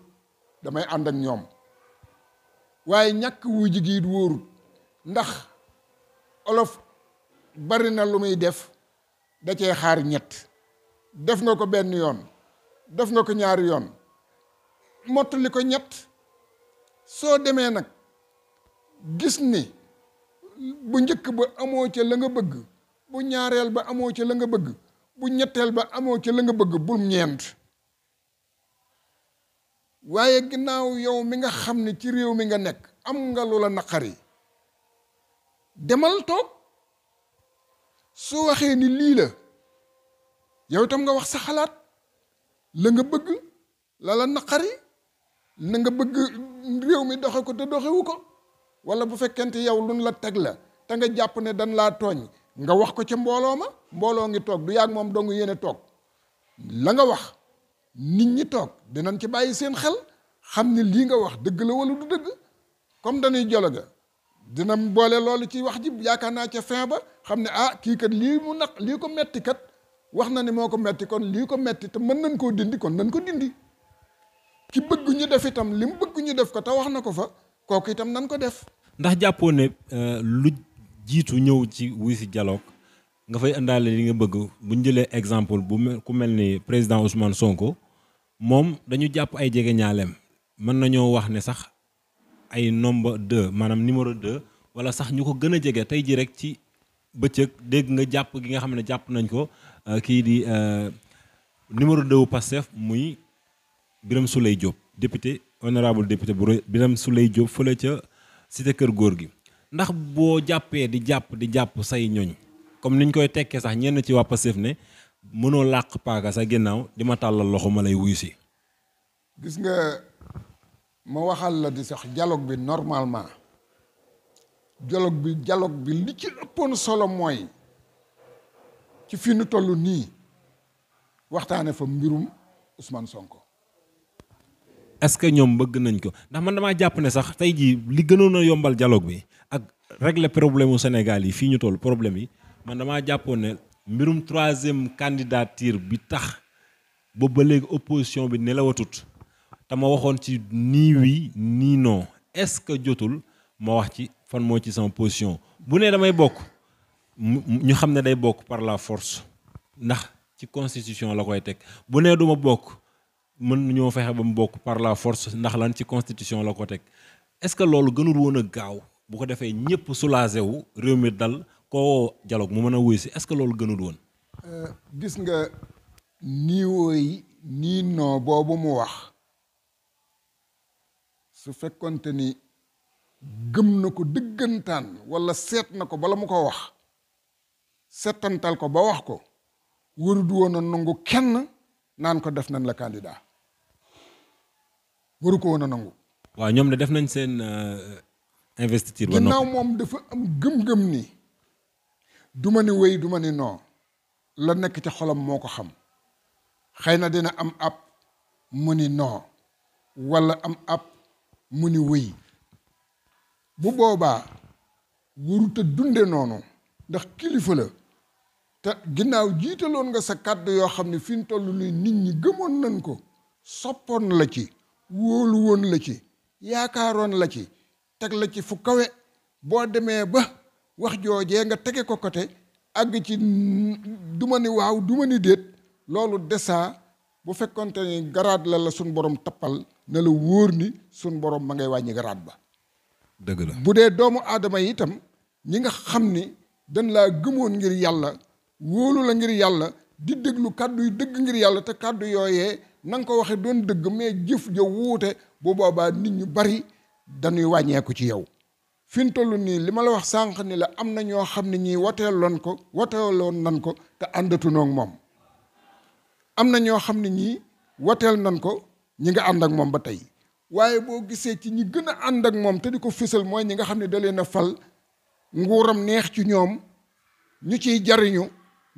damay ànd ak ñoom waaye ñàkk wu jigiit wóorul ndax olof bari na lu muy def da cee xaar ñett def nga ko benn yoon def nga ko ñaari yoon mottali ko ñett soo demee nag gis ni bu njëkk ba amoo ca la nga bëgg bu ñaareel ba amoo ca la nga bëgg bu ñetteel ba amoo ca la nga bëgg bul ñeent waaye ginnaaw yow mi nga xam ne ci réew mi nga nekk am nga lu la naqari demal toog su waxee ni lii la yow itam nga wax sa xalaat la nga bëgg la la naqari na nga bëgg réew mi doxe ko te doxewu ko wala bu fekkente yow luñ la teg la te nga jàpp ne dan laa tooñ nga wax ko ca mbooloo ma mbooloo ngi toog du yàgg moom dong yéene toog la nga wax nit ñi toog dinañ ci bàyyi seen xel xam ne lii nga wax dëgg la wala du dëgg comme dañuy dialogue dina boole loolu ci wax ji yaakaar naa ca fin ba xam ne ah kii kat lii mu naq lii ko metti kat wax na ne moo ko metti kon lii ko metti mën nañ koo dindi kon ko dindi ki ñu def itam li mu bëgg ñu def ko te wax na ko fa kook itam nañ ko def. ndax jàppoo ne euh, lu jiitu ñëw ci wuy si dialogue nga fay indaale li nga bëgg bu ñu jëlee exemple bu ku mel ni président usman Sonko. moom dañu jàpp ay jege ñaaleem mën nañoo wax ne sax ay nombre deux maanaam numéro deux wala sax ñu ko gën a jege tey ji rek ci bëccëg dégg nga jàpp gi nga xam ne jàpp nañ ko euh, kii di euh, numéro deux wu Pastef muy Birame Souleye Diop député honorable député bu Birame Souleye Diop fële ca cité kër góor gi ndax boo jàppee di jàpp di jàpp say ñoñ comme niñ koy tekkee sax ñenn ci waa Pastef ne mëno làq paaka sa ginnaw di ma tàllal loxo ma lay wuyusi gis nga ma waxal la di sax dialog bi normalement dialog bi dialog bi li ci ëppoon solo mooy ci fi nu tollu nii waxtaane fa mbirum Ousmane Sonko. est-ce que ñoom bëgg nañ ko ndax man dama jàpp ne sax tey ji li gënoon a yombal dialog bi ak régler problème mu Sénégal yi fii ñu toll problème yi man dama jàppoon mbirum troisième candidature bi tax boobu ba léegi opposition bi nelawatut ta ma waxone ci ni oui ni non est-ce que jotul mo wax ci fan mo ci sama position bu nee damay bok ñu xam day bok par la force ndax ci constitution la koy tek bu nee duma bok mën ñu fexé ba bok par la force ndax lan ci constitution la ko tek est-ce que loolu gënul wona a gaaw bu ko defee ñepp soulagé wu réew mi dal koo dialogue mu mën a wuy si est loolu gënul woon euh, gis nga nii wooyi nii noo boobu mu wax su fekkonte ni gëm na ko dëggantaan walla seet na ko bala mu ko wax seetantal ko ba wax ko warut woon a nangu kenn naan ko def nañ la candidat waru ko woon a nangu. waaw ñoom de def nañ seen euh, investiture. ba ginnaaw moom dafa am gëm-gëm ni. du ma ni wéy du ma la nekk ci xolam moo ko xam xëy na dina am ab mu ni non wala am ab mu ni wéy bu boobaa waruta dunde noonu ndax kilifa la te ginnaaw jiitaloon nga sa kàddu yoo xam ne fi mu toll nii nit ñi gëmoon nañ ko soppoon la ci wóolu woon la ci yaakaaroon la ci teg la ci fu kawe boo demee ba wax joojee nga tege ko côté àgg ci du ma ni waaw du ma ni déet loolu desaa bu fekkonte ni garaad la la suñ borom tappal na la wóor ni suñ borom ma ngay wàññi garaad ba dëgg la bu dee doomu aadama yi itam ñi nga xam ni dañ laa gëmoon ngir yàlla wóolu la ngir yàlla di déglu kàddu yi dëgg ngir yàlla te kàddu yooyee na nga ko waxee doon dëgg mais jëf ja wuute bu boobaa nit ñu bari dañuy wàññeeku ci yow fi mu toll nii li ma la wax sànq ni la am na ñoo xam ne ñii loon ko wateeloon nan ko te àndatunoo ak moom am na ñoo xam ne ñii wateel nan ko ñi nga ànd ak moom ba tey waaye boo gisee ci ñi gën a ànd ak moom te di ko fësal mooy ñi nga xam ne da leen a fal nguuram neex ci ñoom ñu ciy jariñu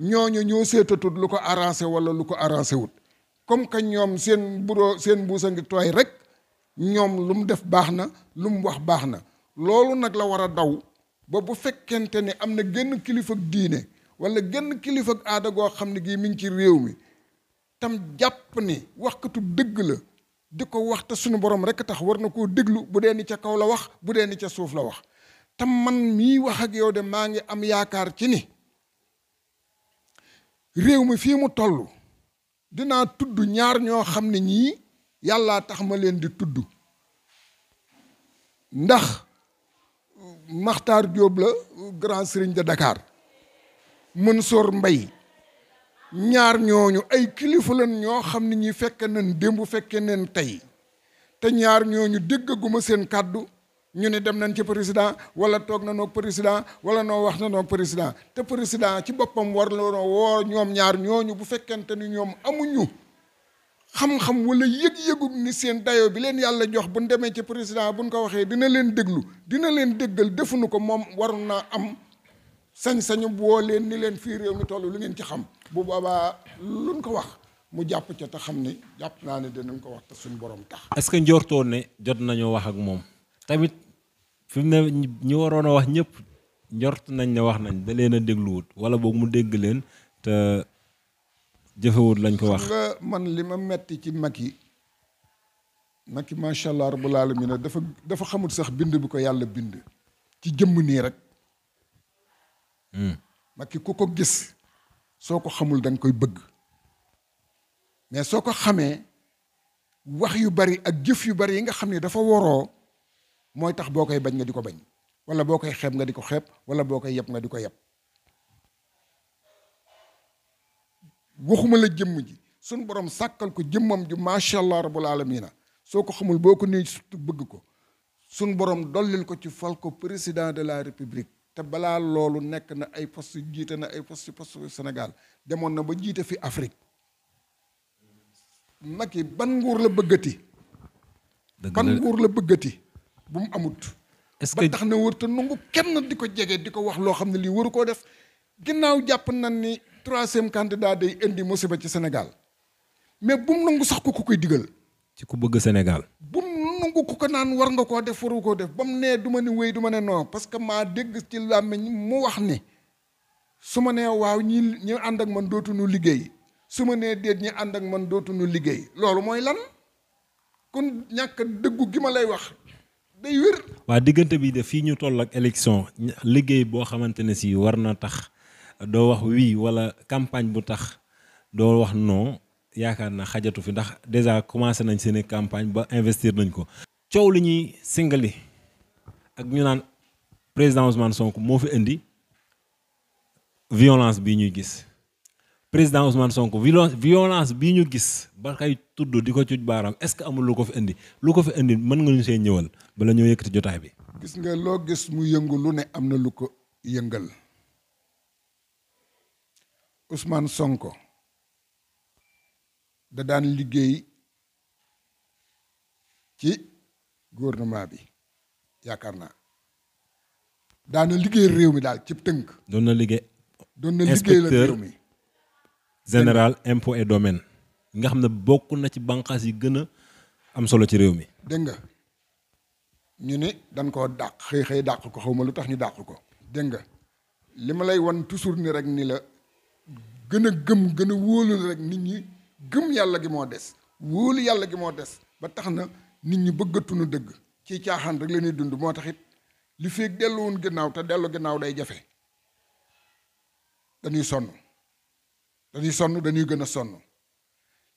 ñooñu ñoo seetatut lu ko arrangé wala lu ko arrangé wut comme que ñoom seen buroo seen mbuusa ngi tooy rek ñoom lu def baax na lu mu wax baax na loolu nag la war a daw ba bu fekkente ni am na genn kilifa diine wala genn kilifa aada goo xam ne gii mi ngi ci réew mi tam jàpp ni waxkatu dëgg la di ko wax te suñu borom rek tax war na koo déglu bu dee ni ca kaw la wax bu dee ni ca suuf la wax tam man mii wax ak yow de maa ngi am yaakaar ci ni réew mi fii mu toll dinaa tudd ñaar ñoo xam ne ñii yàlla tax ma leen di tudd ndax maxtar Diop la grand serigne dakaar mën Mansour mbay ñaar ñooñu ay kilifa lañ ñoo xam ne ñi fekke nañ démb fekke nen tey te ñaar ñooñu déggaguma seen kàddu ñu ne dem nañ ci président wala toog na noog président wala noo wax na noog président te président ci boppam war na woo ñoom ñaar ñooñu bu fekkente ni ñoom amuñu xam-xam wala yëg-yëgub ni seen dayoo bi leen yàlla jox bu ñu demee ci président bu ñu ko waxee dina leen déglu dina leen déggal defuñu ko moom waru naa am sañ-sañu boo leen ni leen fii réew mi toll lu ngeen ci xam bu boobaa luñ ko wax mu jàpp ca te xam ni jàpp naa ne dinañ ko wax te suñ borom tax. est-ce que njortoon ne jot nañu wax ak moom tamit fi mu ne ñu waroon a wax ñëpp njort nañ ne wax nañ da leen a dégluwut wala boog mu dégg leen te. jëfewul lañ ko wax nga man li ma metti ci Macky Macky macha allah rabbul alamin dafa dafa xamul sax bind bi ko yàlla bind ci jëmm nii rek Macky ku ko gis soo ko xamul da nga koy bëgg mais soo ko xamee wax yu bari ak jëf yu bari yi nga xam ne dafa woroo mooy tax boo koy bañ nga di ko bañ wala boo koy xeeb nga di ko xeeb wala boo koy yeb nga di ko yeb waxuma la jëmm ji suñ borom sàkkal ko jëmmam ju macha allah rabbul alamina soo ko xamul boo ko nuyu surtout bëgg ko suñ borom dollil ko ci fal ko président de la république te balaa loolu nekk na ay poste jiite na ay poste poste senegal demoon na ba jiite fi Afrique yi ban nguur la bëggati ban nguur la bëggati bu mu amut ba tax na wërta nungu kenn di ko jege di ko wax loo xam ne lii waru koo def ginnaaw jàpp nan ni troisième candidat day indi musiba ci Sénégal mais bu mu nangu sax ko ko koy digal. ci ku bëgg Sénégal. bu mu nangu ko ko naan war nga koo def waru koo def ba mu nee du ma ne wéy du ma ne non parce que maa dégg ci làmmiñ mu wax ni su ma nee waaw ñi ñi ànd ak man dootuñu liggéey su ma nee déet ñi ànd ak man dootuñu liggéey loolu mooy lan kon ñàkk dëggu gi ma lay wax. day wér. waa diggante bi de fii ñu toll ak élection liggéey boo xamante ne si war na tax. doo wax wii wala campagne bu tax doo wax noo yaakaar na xajatu fi ndax déjà commencé nañ seen campagne ba investir nañ ko. coow li ñuy singali ak ñu naan président Ousmane Sonko moo fi indi violence bii ñuy gis président Ousmane Sonko violence bii ñu gis ba kay tudd di ko cuj baaraam est-ce que amul lu ko fi indi lu ko fi indi mën nga ñu see ñëwal bala ñoo yëkkati jotaay bi. gis nga loo gis mu yëngu lu ne am na lu ko yëngal. Ousmane Sonko da daan liggéey ci gouvernement bi yaakaar naa daan liggéey réew mi daal ci tënk. doon na liggéey. doon na liggéey mi général impôt et domaine. nga xam ne bokk na ci bànqaas yi gën a am solo ci réew mi. dégg nga ñu ni dañ koo dàq xëy xëy dàq ko xaw ma lu tax ñu dàq ko. dégg li ma lay wan toujours ni rek ni la. gën a gëm gën a wóolul rek nit ñi gëm yàlla gi moo des wóolu yàlla gi moo des ba tax na nit ñi bëggatuñu dëgg ci caaxaan rek leen ñuy dund moo taxit li feeg dellu woon ginnaaw te dellu ginnaaw day jafe dañuy sonn dañuy sonn dañuy gën a sonn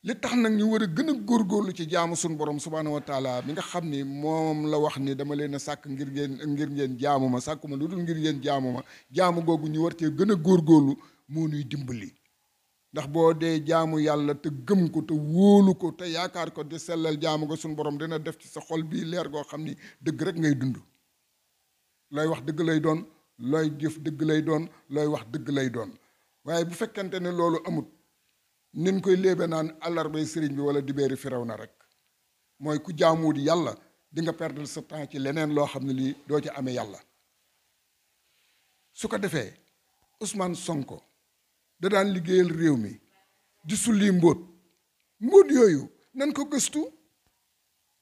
li tax nag ñu war a gën a góor góorgóorlu ci jaamu suñu borom subhaanahu wa taala nga xam ni moom la wax ni dama leen a sàkk ngir ngeen ngir ngeen jaamu ma sàkku ma lu dul ngir ngeen jaamu ma jaamu googu ñu war cee gën a góorgóorlu moo ñuy ndax boo dee jaamu yàlla te gëm ko te wóolu ko te yaakaar ko di sellal jaamu ko suñu borom dina def ci sa xol bii leer goo xam ni dëgg rek ngay dund looy wax dëgg lay doon looy jëf dëgg lay doon looy wax dëgg lay doon waaye bu fekkente ne loolu amut nin koy léebe naan àllarbay sëriñ bi wala dibéeri firaw na rek mooy ku jaamuwut yàlla dinga nga sa temps ci leneen loo xam ne lii doo ci amee yàlla su ko defee Ousmane Sonko da daan liggéeyal réew mi di sulli mbóot mbóot yooyu nan ko gëstu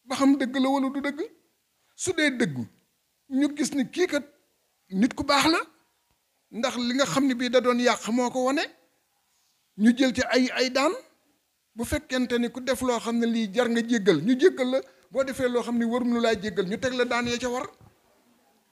ba xam dëgg la wala du dëgg su dee dëgg ñu gis ni kii kat nit ku baax la ndax li nga xam ne bii da doon yàq moo ko wane ñu jël ci ay ay daan bu fekkente ni ku def loo xam ne lii jar nga jéggal ñu jéggal la boo defee loo xam ne warum nu laa jéggal ñu teg la daan ya ca war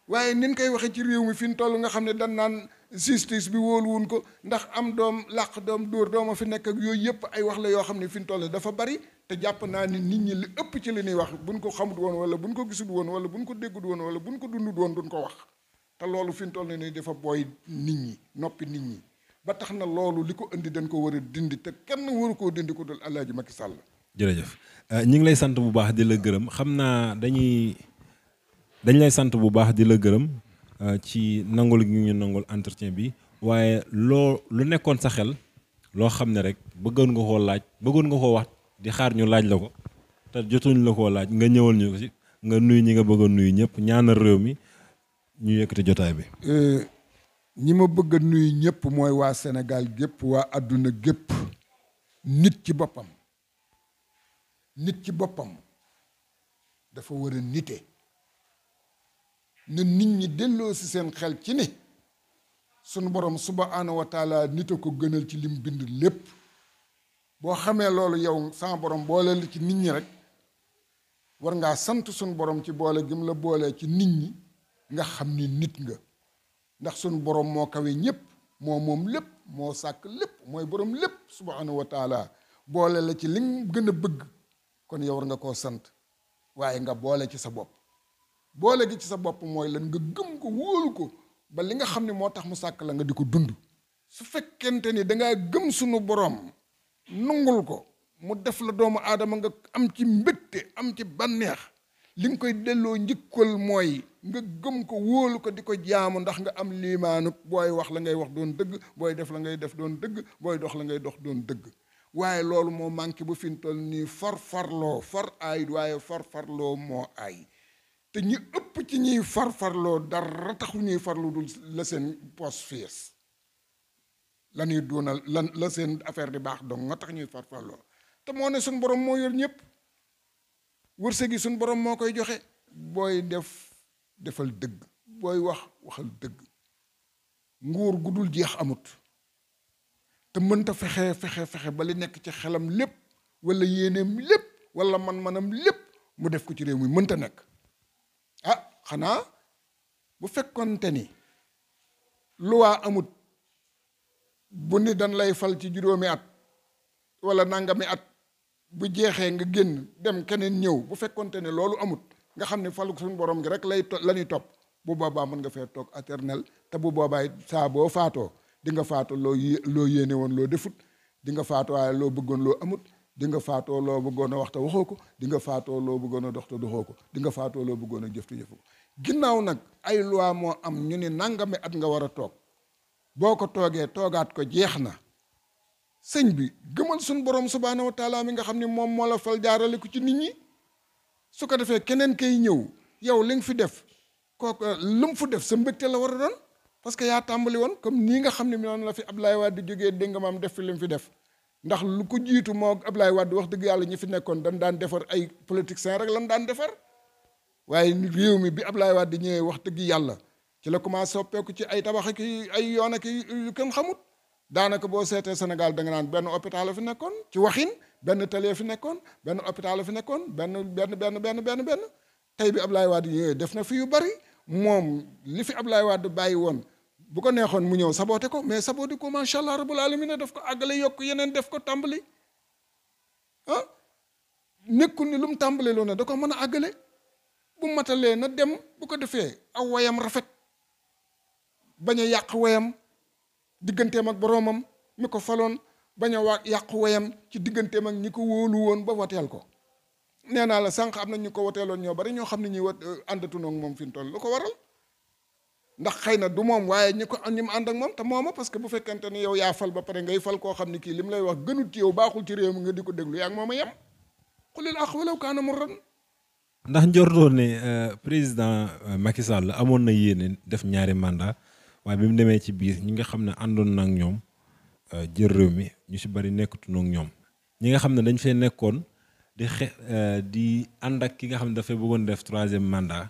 waaye nin koy waxee ci réew mi fi mu toll nga xam ne dan naan justice bi wóoluwun ko ndax am doom làq doom dóor dooma fi nekk ak yooyu yëpp ay wax la yoo xam ne fi ñu toll dafa bari te jàpp naa ni nit ñi li ëpp ci li ñuy wax buñ ko xamut woon wala buñ ko gisut woon wala buñ ko déggut woon wala buñ ko dundut woon duñ ko wax te loolu fi ñu toll nii dafa booy nit ñi noppi nit ñi ba tax na loolu li ko indi dañ ko war a dindi te kenn waru koo dindi ko dul Alaaji Macky Sall. jërëjëf euh, ñi ngi lay sant bu baax di la gërëm xam naa dañuy dañ lay sant bu baax di la gërëm. Euh, ci nangul gi ñu nangul entretien bi waaye loo lu nekkoon sa xel loo xam ne rek bëggoon nga koo laaj bëggoon nga koo wax di xaar ñu laaj la ko te jotuñ la koo laaj nga ñëwal ñu ko ci nga nuy ñi nga bëggoon nuyu ñëpp ñaanal réew mi ñu yëkkati jotaay bi. Euh, ñi ma bëgg a nuyu ñëpp mooy waa senegal gépp waa àdduna gépp nit ci boppam nit ci boppam dafa war nite. ne nit ñi delloo si seen xel ci ni sunu borom suba wa nit a ko gënal ci lim bind lépp boo xamee loolu yow sama borom booleel ci nit ñi rek war ngaa sant sunu borom ci boole gi la boolee ci nit ñi nga xam ni nit nga ndax sunu borom moo kawe ñépp moo moom lépp moo sàkk lépp mooy boroom lépp suba wa taala boole la ci li gën a bëgg kon yow war nga koo sant waaye nga boole ci sa bopp. boole gi ci sa bopp mooy lan nga gëm ko wóolu ko ba li nga xam ne mu sàkk la nga di dund su fekkente ni gëm sunu borom nungul ko mu def la doomu aadama nga am ci mbégte am ci bànneex li nga koy delloo njëkkal mooy nga gëm ko wóolu ko di ko jaamu ndax nga am liimaanu booy wax la ngay wax doon dëgg booy def la ngay def doon dëgg booy dox la ngay dox doon dëgg waaye loolu moo manqué bu fin toll nii far farloo far aay waaye far farloo moo aay te ñu ëpp ci ñuy farfarloo dara taxu ñuy farlu dul la seen poos fies la ñuy doonal la seen affaire di baax donc nga tax ñuy farfarloo te moo ne suñ borom moo yor ñëpp wërsëg gi suñ borom moo koy joxe booy def defal dëgg booy wax waxal dëgg nguur gu dul jeex amut te mënta fexe fexe fexe ba li nekk ci xelam lépp wala yéeneem lépp wala man-manam lépp mu def ko ci réew mi mënta nekk xanaa bu fekkonte ni luwaa amut bu ni dañ lay fal ci juróomi at wala nangami at bu jeexee nga génn dem keneen ñëw bu fekkonte ne loolu amut nga xam ni faluk suñu borom gi rek lay la ñuy topp bu boobaa mën nga fee toog éternel te bu boobaay saa boo faatoo di nga faatoo loo loo yéene woon loo defut di nga faatoo waaye loo bëggoon loo amut di nga faatoo loo bëggoon a wax waxoo ko di nga faatoo loo bëggoon a dox doxoo ko di nga faatoo loo bëggoon a jëf te jëfu ginnaaw nag ay loi moo am ñu ni nangami at nga war a toog boo ko toogee toogaat ko jeex na sëñ bi gëmal suñ borom subhaanahu wa taala mi nga xam ne moom moo la fal jaarale ko ci nit ñi su ko defee keneen kay ñëw yow li nga fi def kooku lu mu fu def sa mbégte la war a doon parce que yaa tàmbali woon comme nii nga xam ne noonu la fi waa Wade jógee dégg nga maam def fi li mu fi def ndax lu ko jiitu moo waa di wax dëgg yàlla ñi fi nekkoon dañ daan defar ay politiciens rek lan daan defar waaye réew mi bi Ablaye Wade di ñëwee wax dëgg yàlla ci la commencé soppeeku ci ay tabax ki ay yoon ak yu kenn xamut daanaka boo seetee senegal da naan benn hôpital la fi nekkoon ci waxin benn télé fi nekkoon benn hôpital la fi nekkoon benn benn benn benn benn benn tey bi Ablaye Wade di ñëwee def na fi yu bari moom li fi Ablaye Wade bàyyi woon bu ko neexoon mu ñëw saboté ko mais saboté ko macha allah rabbul ne daf ko àggale yokk yeneen def ko tàmbali ah nekkul ni lu mu tàmbali loo ne da ko mën a àggale. bu matalee na dem bu ko defee aw wayam rafet bañ a yàq wayam digganteem ak boroomam mi ko faloon bañ a waa yàq wayam ci digganteem ak ñi ko wóolu woon ba wateel ko nee naa la sànq am na ñu ko wateeloon ñoo bari ñoo xam ne ñi wat eh, àndatunoog moom fi mu toll lu ko waral ndax xëy na du moom waaye ñi ko ñi mu ak moom te mooma parce que bu fekkente ni yow yaa fal ba pare ngay fal koo xam ne kii li mu lay wax gënut ci yow baaxul ci réew mi nga di ko déglu yaa ngi mooma yam xulil aq walaw kaana murran ndax njortoon ne euh, président euh, Macky Sall amoon na yéene def ñaari mandat waaye bi demee ci biir ñi nga xam ne àndoon na ak ñoom euh, jël réew mi ñu si bari nekkatuñoo ak ñoom ñi nga xam ne dañ fee nekkoon di xe di ànd ak ki nga xam ne dafay bëggoon def troisième mandat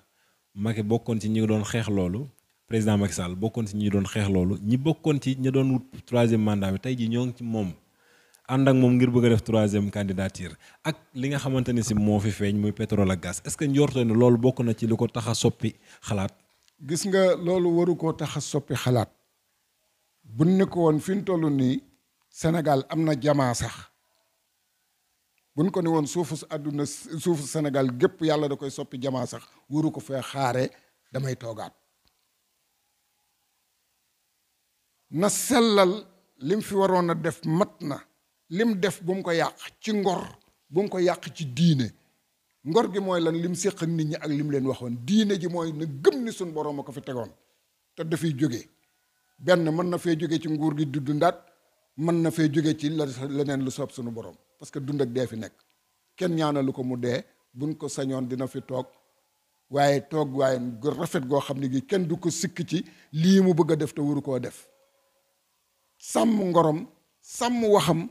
Macky bokkoon ci ñi doon xeex loolu président Macky Sall bokkoon ci ñi doon xeex loolu ñi bokkoon ci ñi doon wut troisième mandat bi tey jii ñoo ngi ci moom. ànd ak moom ngir bëgg def troisième candidature ak li nga xamante ni si moo fi feeñ muy pétrole ak gaz est-ce que njortoo ne loolu bokk na ci lu ko taxa a soppi xalaat. gis nga loolu waru koo tax a soppi xalaat buñ ne ko woon fi ñu toll nii senegal am na jamaa sax buñ ko ne woon suufu àdduna suufu senegal gépp yàlla da koy soppi jamaa sax waru ko fee xaare damay toogaat na sellal lim fi waroon a def mat na. lim def bu mu ko yàq ci ngor bu mu ko yàq ci diine ngor gi mooy lan lim séq ak nit ñi ak lim leen waxoon diine ji mooy na gëm ni suñu boroom a ko fi tegoon te dafay jóge benn mën na fee jóge ci nguur gi di dundaat mën na fee jóge ci leneen lu soob suñu borom parce que dund dee fi nekk kenn ñaanalu ko mu dee buñ ko sañoon dina fi toog waaye toog waaye gu rafet goo xam ne gi kenn du ko sikk ci lii mu bëgg a def te waru koo def sam ngorom sàmm waxam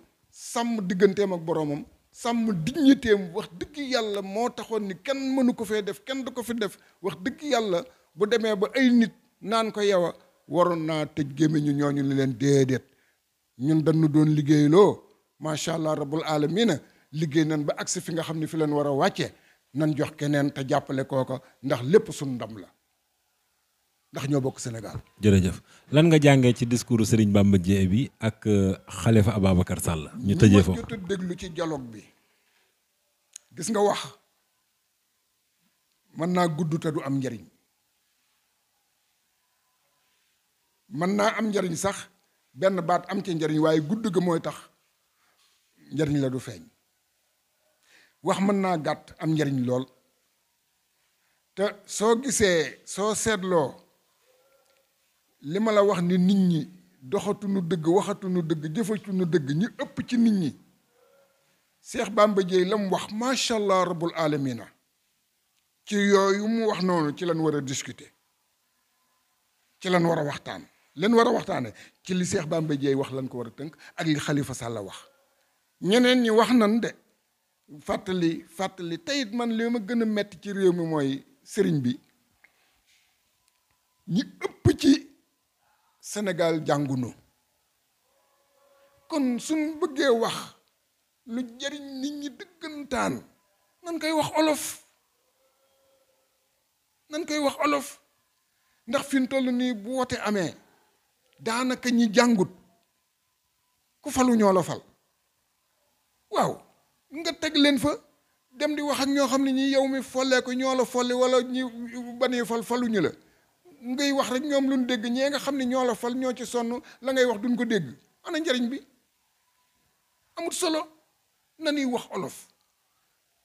sàmm digganteem ak boromam sàmm dignitéem wax dëgg yàlla moo taxoon ni kenn mënu ko fee def kenn du ko fi def wax dëgg yàlla bu demee ba ay nit naan ko yow waroon naa tëj gémmiñu ñooñu li leen déedéet ñun dañu doon liggéeyloo macha allah rabbul alamina liggéey nañ ba agsi fi nga xam ne fi leen war a wàcce nan jox keneen te jàppale kooka ndax lépp sunu ndam la ndax ñoo bokk Sénégal. jërëjëf lan nga jàngee ci discours Serigne Bamba Dièye bi ak euh, Khalifa Ababacar Sall. ñu tëjee foofu ñu déglu ci dialogue bi gis nga wax mën naa gudd te du am njariñ mën naa am njariñ sax benn baat am ci njariñ waaye gudd ga mooy tax njariñ la du feeñ wax mën naa gàtt am njariñ lool te soo gisee soo seetloo. li ma la wax ni nit ñi doxatuñu dëgg waxatuñu dëgg jëfatuñu dëgg ñi ëpp ci nit ñi Cheikh Bamba Dièye la mu wax macha allah rabbul alamina ci yooyu mu wax noonu ci lañ war a discuter ci lañ war waxtaan leen war a waxtaane ci li seex Bamba Dièye wax lañ ko war a tënk ak li Khalifa Sall wax ñeneen ñi wax nan de fàttali fàttali teyit man li ma gën a metti ci réew mi mooy sëriñ bi ñi ëpp ci senegal jàngunu kon suñ bëggee wax lu jariñ nit ñi dëggantaan nan koy wax olof nan koy wax olof ndax fi mu toll nii bu wote amee daanaka ñi jàngut ku falu ñoo la fal waaw nga teg leen fa dem di wax ak ñoo xam ne ñi yow mi foleeku ko ñoo la folli wala ñi banee fal faluñu la ngay wax rek ñoom lu dégg ñee nga xam ne ñoo la ñoo ci sonn la ngay wax duñ ko dégg ana njariñ bi amut solo na wax olof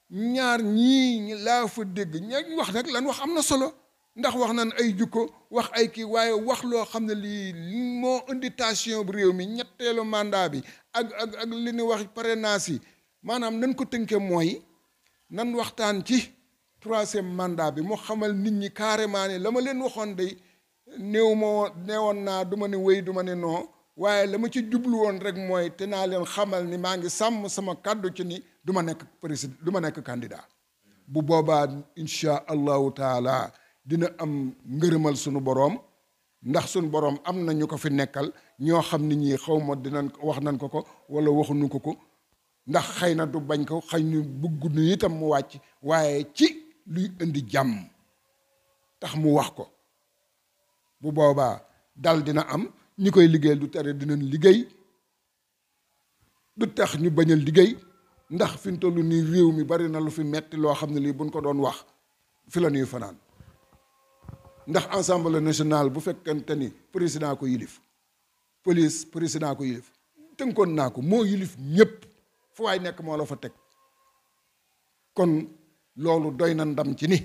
ñaar ñii laa fa dégg ñañ wax nag lan wax am na solo ndax wax nan ay jukko wax ay kii waaye wax loo xam ne lii moo indi tension bu réew mi ñetteelu màndaa bi ak ak ak li ñuy wax parrainage yi maanaam nan ko tënkee mooy nan waxtaan ci troisième mandat bi mu xamal nit ñi carrément ne la ma leen waxoon day néew ma newoon naa du ma ne wéy du ma ne noo waaye la ma ci jublu woon rek mooy te naa leen xamal ni maa ngi sàmm sama kàddu ci ni duma nekk président du ma nekk candidat bu boobaa incha allahu dina am ngërëmal sunu boroom ndax sunu boroom am na ñu ko fi nekkal ñoo xam nit ñi xaw ma dinañ wax nañ ko ko wala waxuñu ko ko ndax xëy na du bañ ko xëy ñu bugg nu itam mu wàcc waaye ci. luy indi jàmm tax mu wax ko bu boobaa dal dina am ñi koy liggéeyal du tere dinañ liggéey du tax ñu bañ a liggéey ndax fi mu toll nii réew mi bari na lu fi metti loo xam ne lii buñ ko doon wax fi la ñuy fanaan ndax assemblée nationale bu fekkente ni président ko yilif police président ko yilif tënkoon naa ko moo yilif ñëpp fu waay nekk moo la fa teg kon loolu doyna na ndam ci ni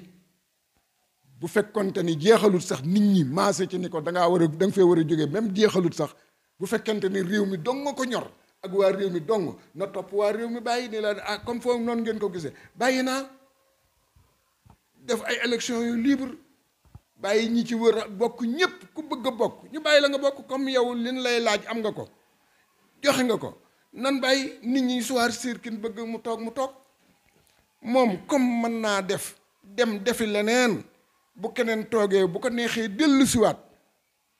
bu fekkonte ni jeexalut sax nit ñi maase ci ni ko da nga wara da nga fee wara même jeexalut sax bu fekkente ni réew mi dong nga ko ñor ak wa réew mi dong na top wa réew mi bàyyi ni la ah comme fo non ngeen ko gisee bayina def ay élection yu libre bayi ñi ci wër a bokk ku bëgg a ñu bàyyi la nga comme yow lin lay laaj am nga ko joxe nga ko nan bàyyi nit ñi soir cirque bëgg mu tok mu tok moom comme mën naa def dem defi leneen bu keneen toogee bu ko neexee dellu siwaat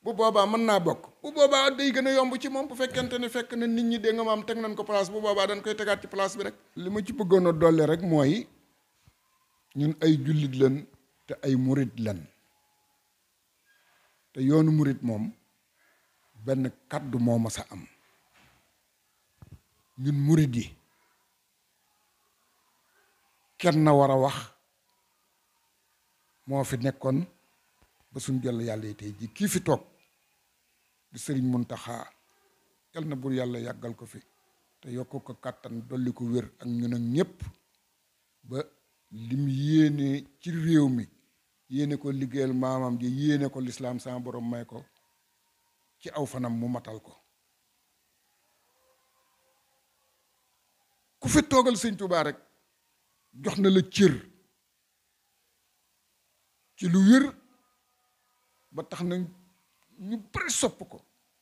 bu boobaa mën naa bokk bu boobaa day gën a yomb ci moom bu fekkente ne fekk na nit ñi dégg nga am teg nañ ko place bu boobaa dañ koy tegaat ci place bi rek. li ma ci bëggoon a dolli rek mooy ñun ay jullit lan te ay murit lan te yoonu murit moom benn kàddu moo mas a am ñun murit yi. kenn na war a wax moo fi nekkoon ba suñ jël yàlla yi tey ji kii fi toog di sëriñ Muntaxa yal na bur yàlla yàggal ko fi te yokk ko kàttan dolli ko wér ak ñun ak ñépp ba lim yéene ci réew mi yéene ko liggéeyal maamam ji yéene ko lislaam sama borom may ko ci aw fanam mu matal ko ku fi toogal sëñ Tuubaa rek jox na la cër ci lu wér ba tax na ñu bari sopp ko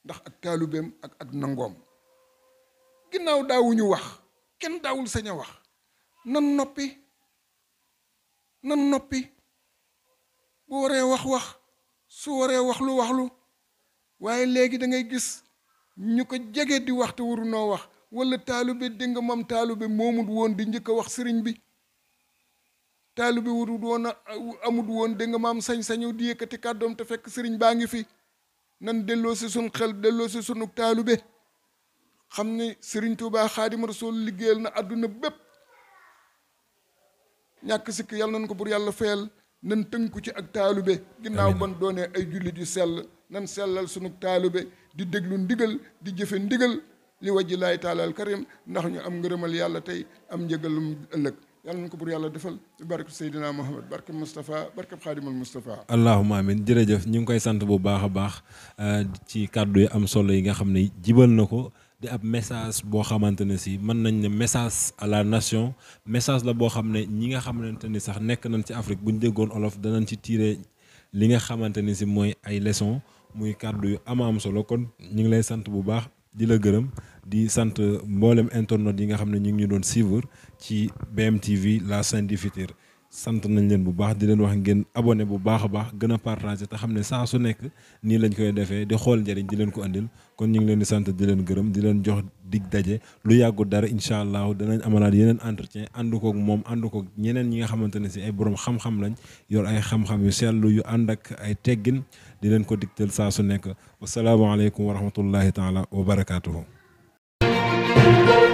ndax ak taalubeem ak ak nangoom ginnaaw daawuñu wax kenn daawul sañ a wax nan noppi nan noppi bu waree wax wax su waree waxlu waxlu waaye léegi da ngay gis ñu ko jege di waxtu te wax wala taalube di nga moom taalube moomut woon di njëkk a wax sëriñ bi taalibe wutut woon amut woon dégg nga sañ-sañu di yëkkati kàddoom te fekk sëriñ baa ngi fi nan delloo si sun xel delloo si sunu taalibe xam ni sëriñ Tuubaa Xaadimu Rasuul liggéeyal na àdduna bépp ñàkk sikk yàlla nañ ko pour yàlla fayal nan tënku ci ak taalube ginnaaw ban doonee ay jullit yu sell nan sellal sunu taalube di déglu ndigal di jëfe ndigal li wajji laay taalaal karim ndax ñu am ngërëmal yàlla tey am njëgalum ëllëg yàlla nañu ko bur yàlla defal ci barke Seydina Mohamed barke Moustapha barke Xaadimal Moustapha allahuma amin jërëjëf ñu ngi koy sant bu baax a baax euh, ci kàddu yi am solo yi nga xam ne jibal na ko di ab message boo xamante ne si mën nañ ne message à la nation message la boo xam ne ñi nga xamante ni sax nekk nañ ci Afrique bu ñu déggoon olof danañ ci tiire li nga xamante ni si mooy ay leçon muy kàddu yu ama am solo kon ñu ngi lay sant bu baax di la gërëm di sant mboolem internautes yi nga xam ne ñu ngi ñu doon suivre ci BMTV la chaîne du futur sant nañ leen bu baax di leen wax ngeen abone bu baax a baax gën a partagé te xam ne saa su nekk nii lañ koy defee di xool njëriñ di leen ko andil kon ñu ngi leen di sant di leen gërëm di leen jox dig daje lu yàggu dara incha allah danañ amalaat yeneen entretien ànd koog moom ànd koog ñeneen ñi nga xamante ne si ay borom xam-xam lañ yor ay xam-xam yu seetlu yu ànd ak ay teggin di leen ko digtal saa su nekk wasalaamaaleykum wa rahmatullahi taala wa barakaatuhu Thank you.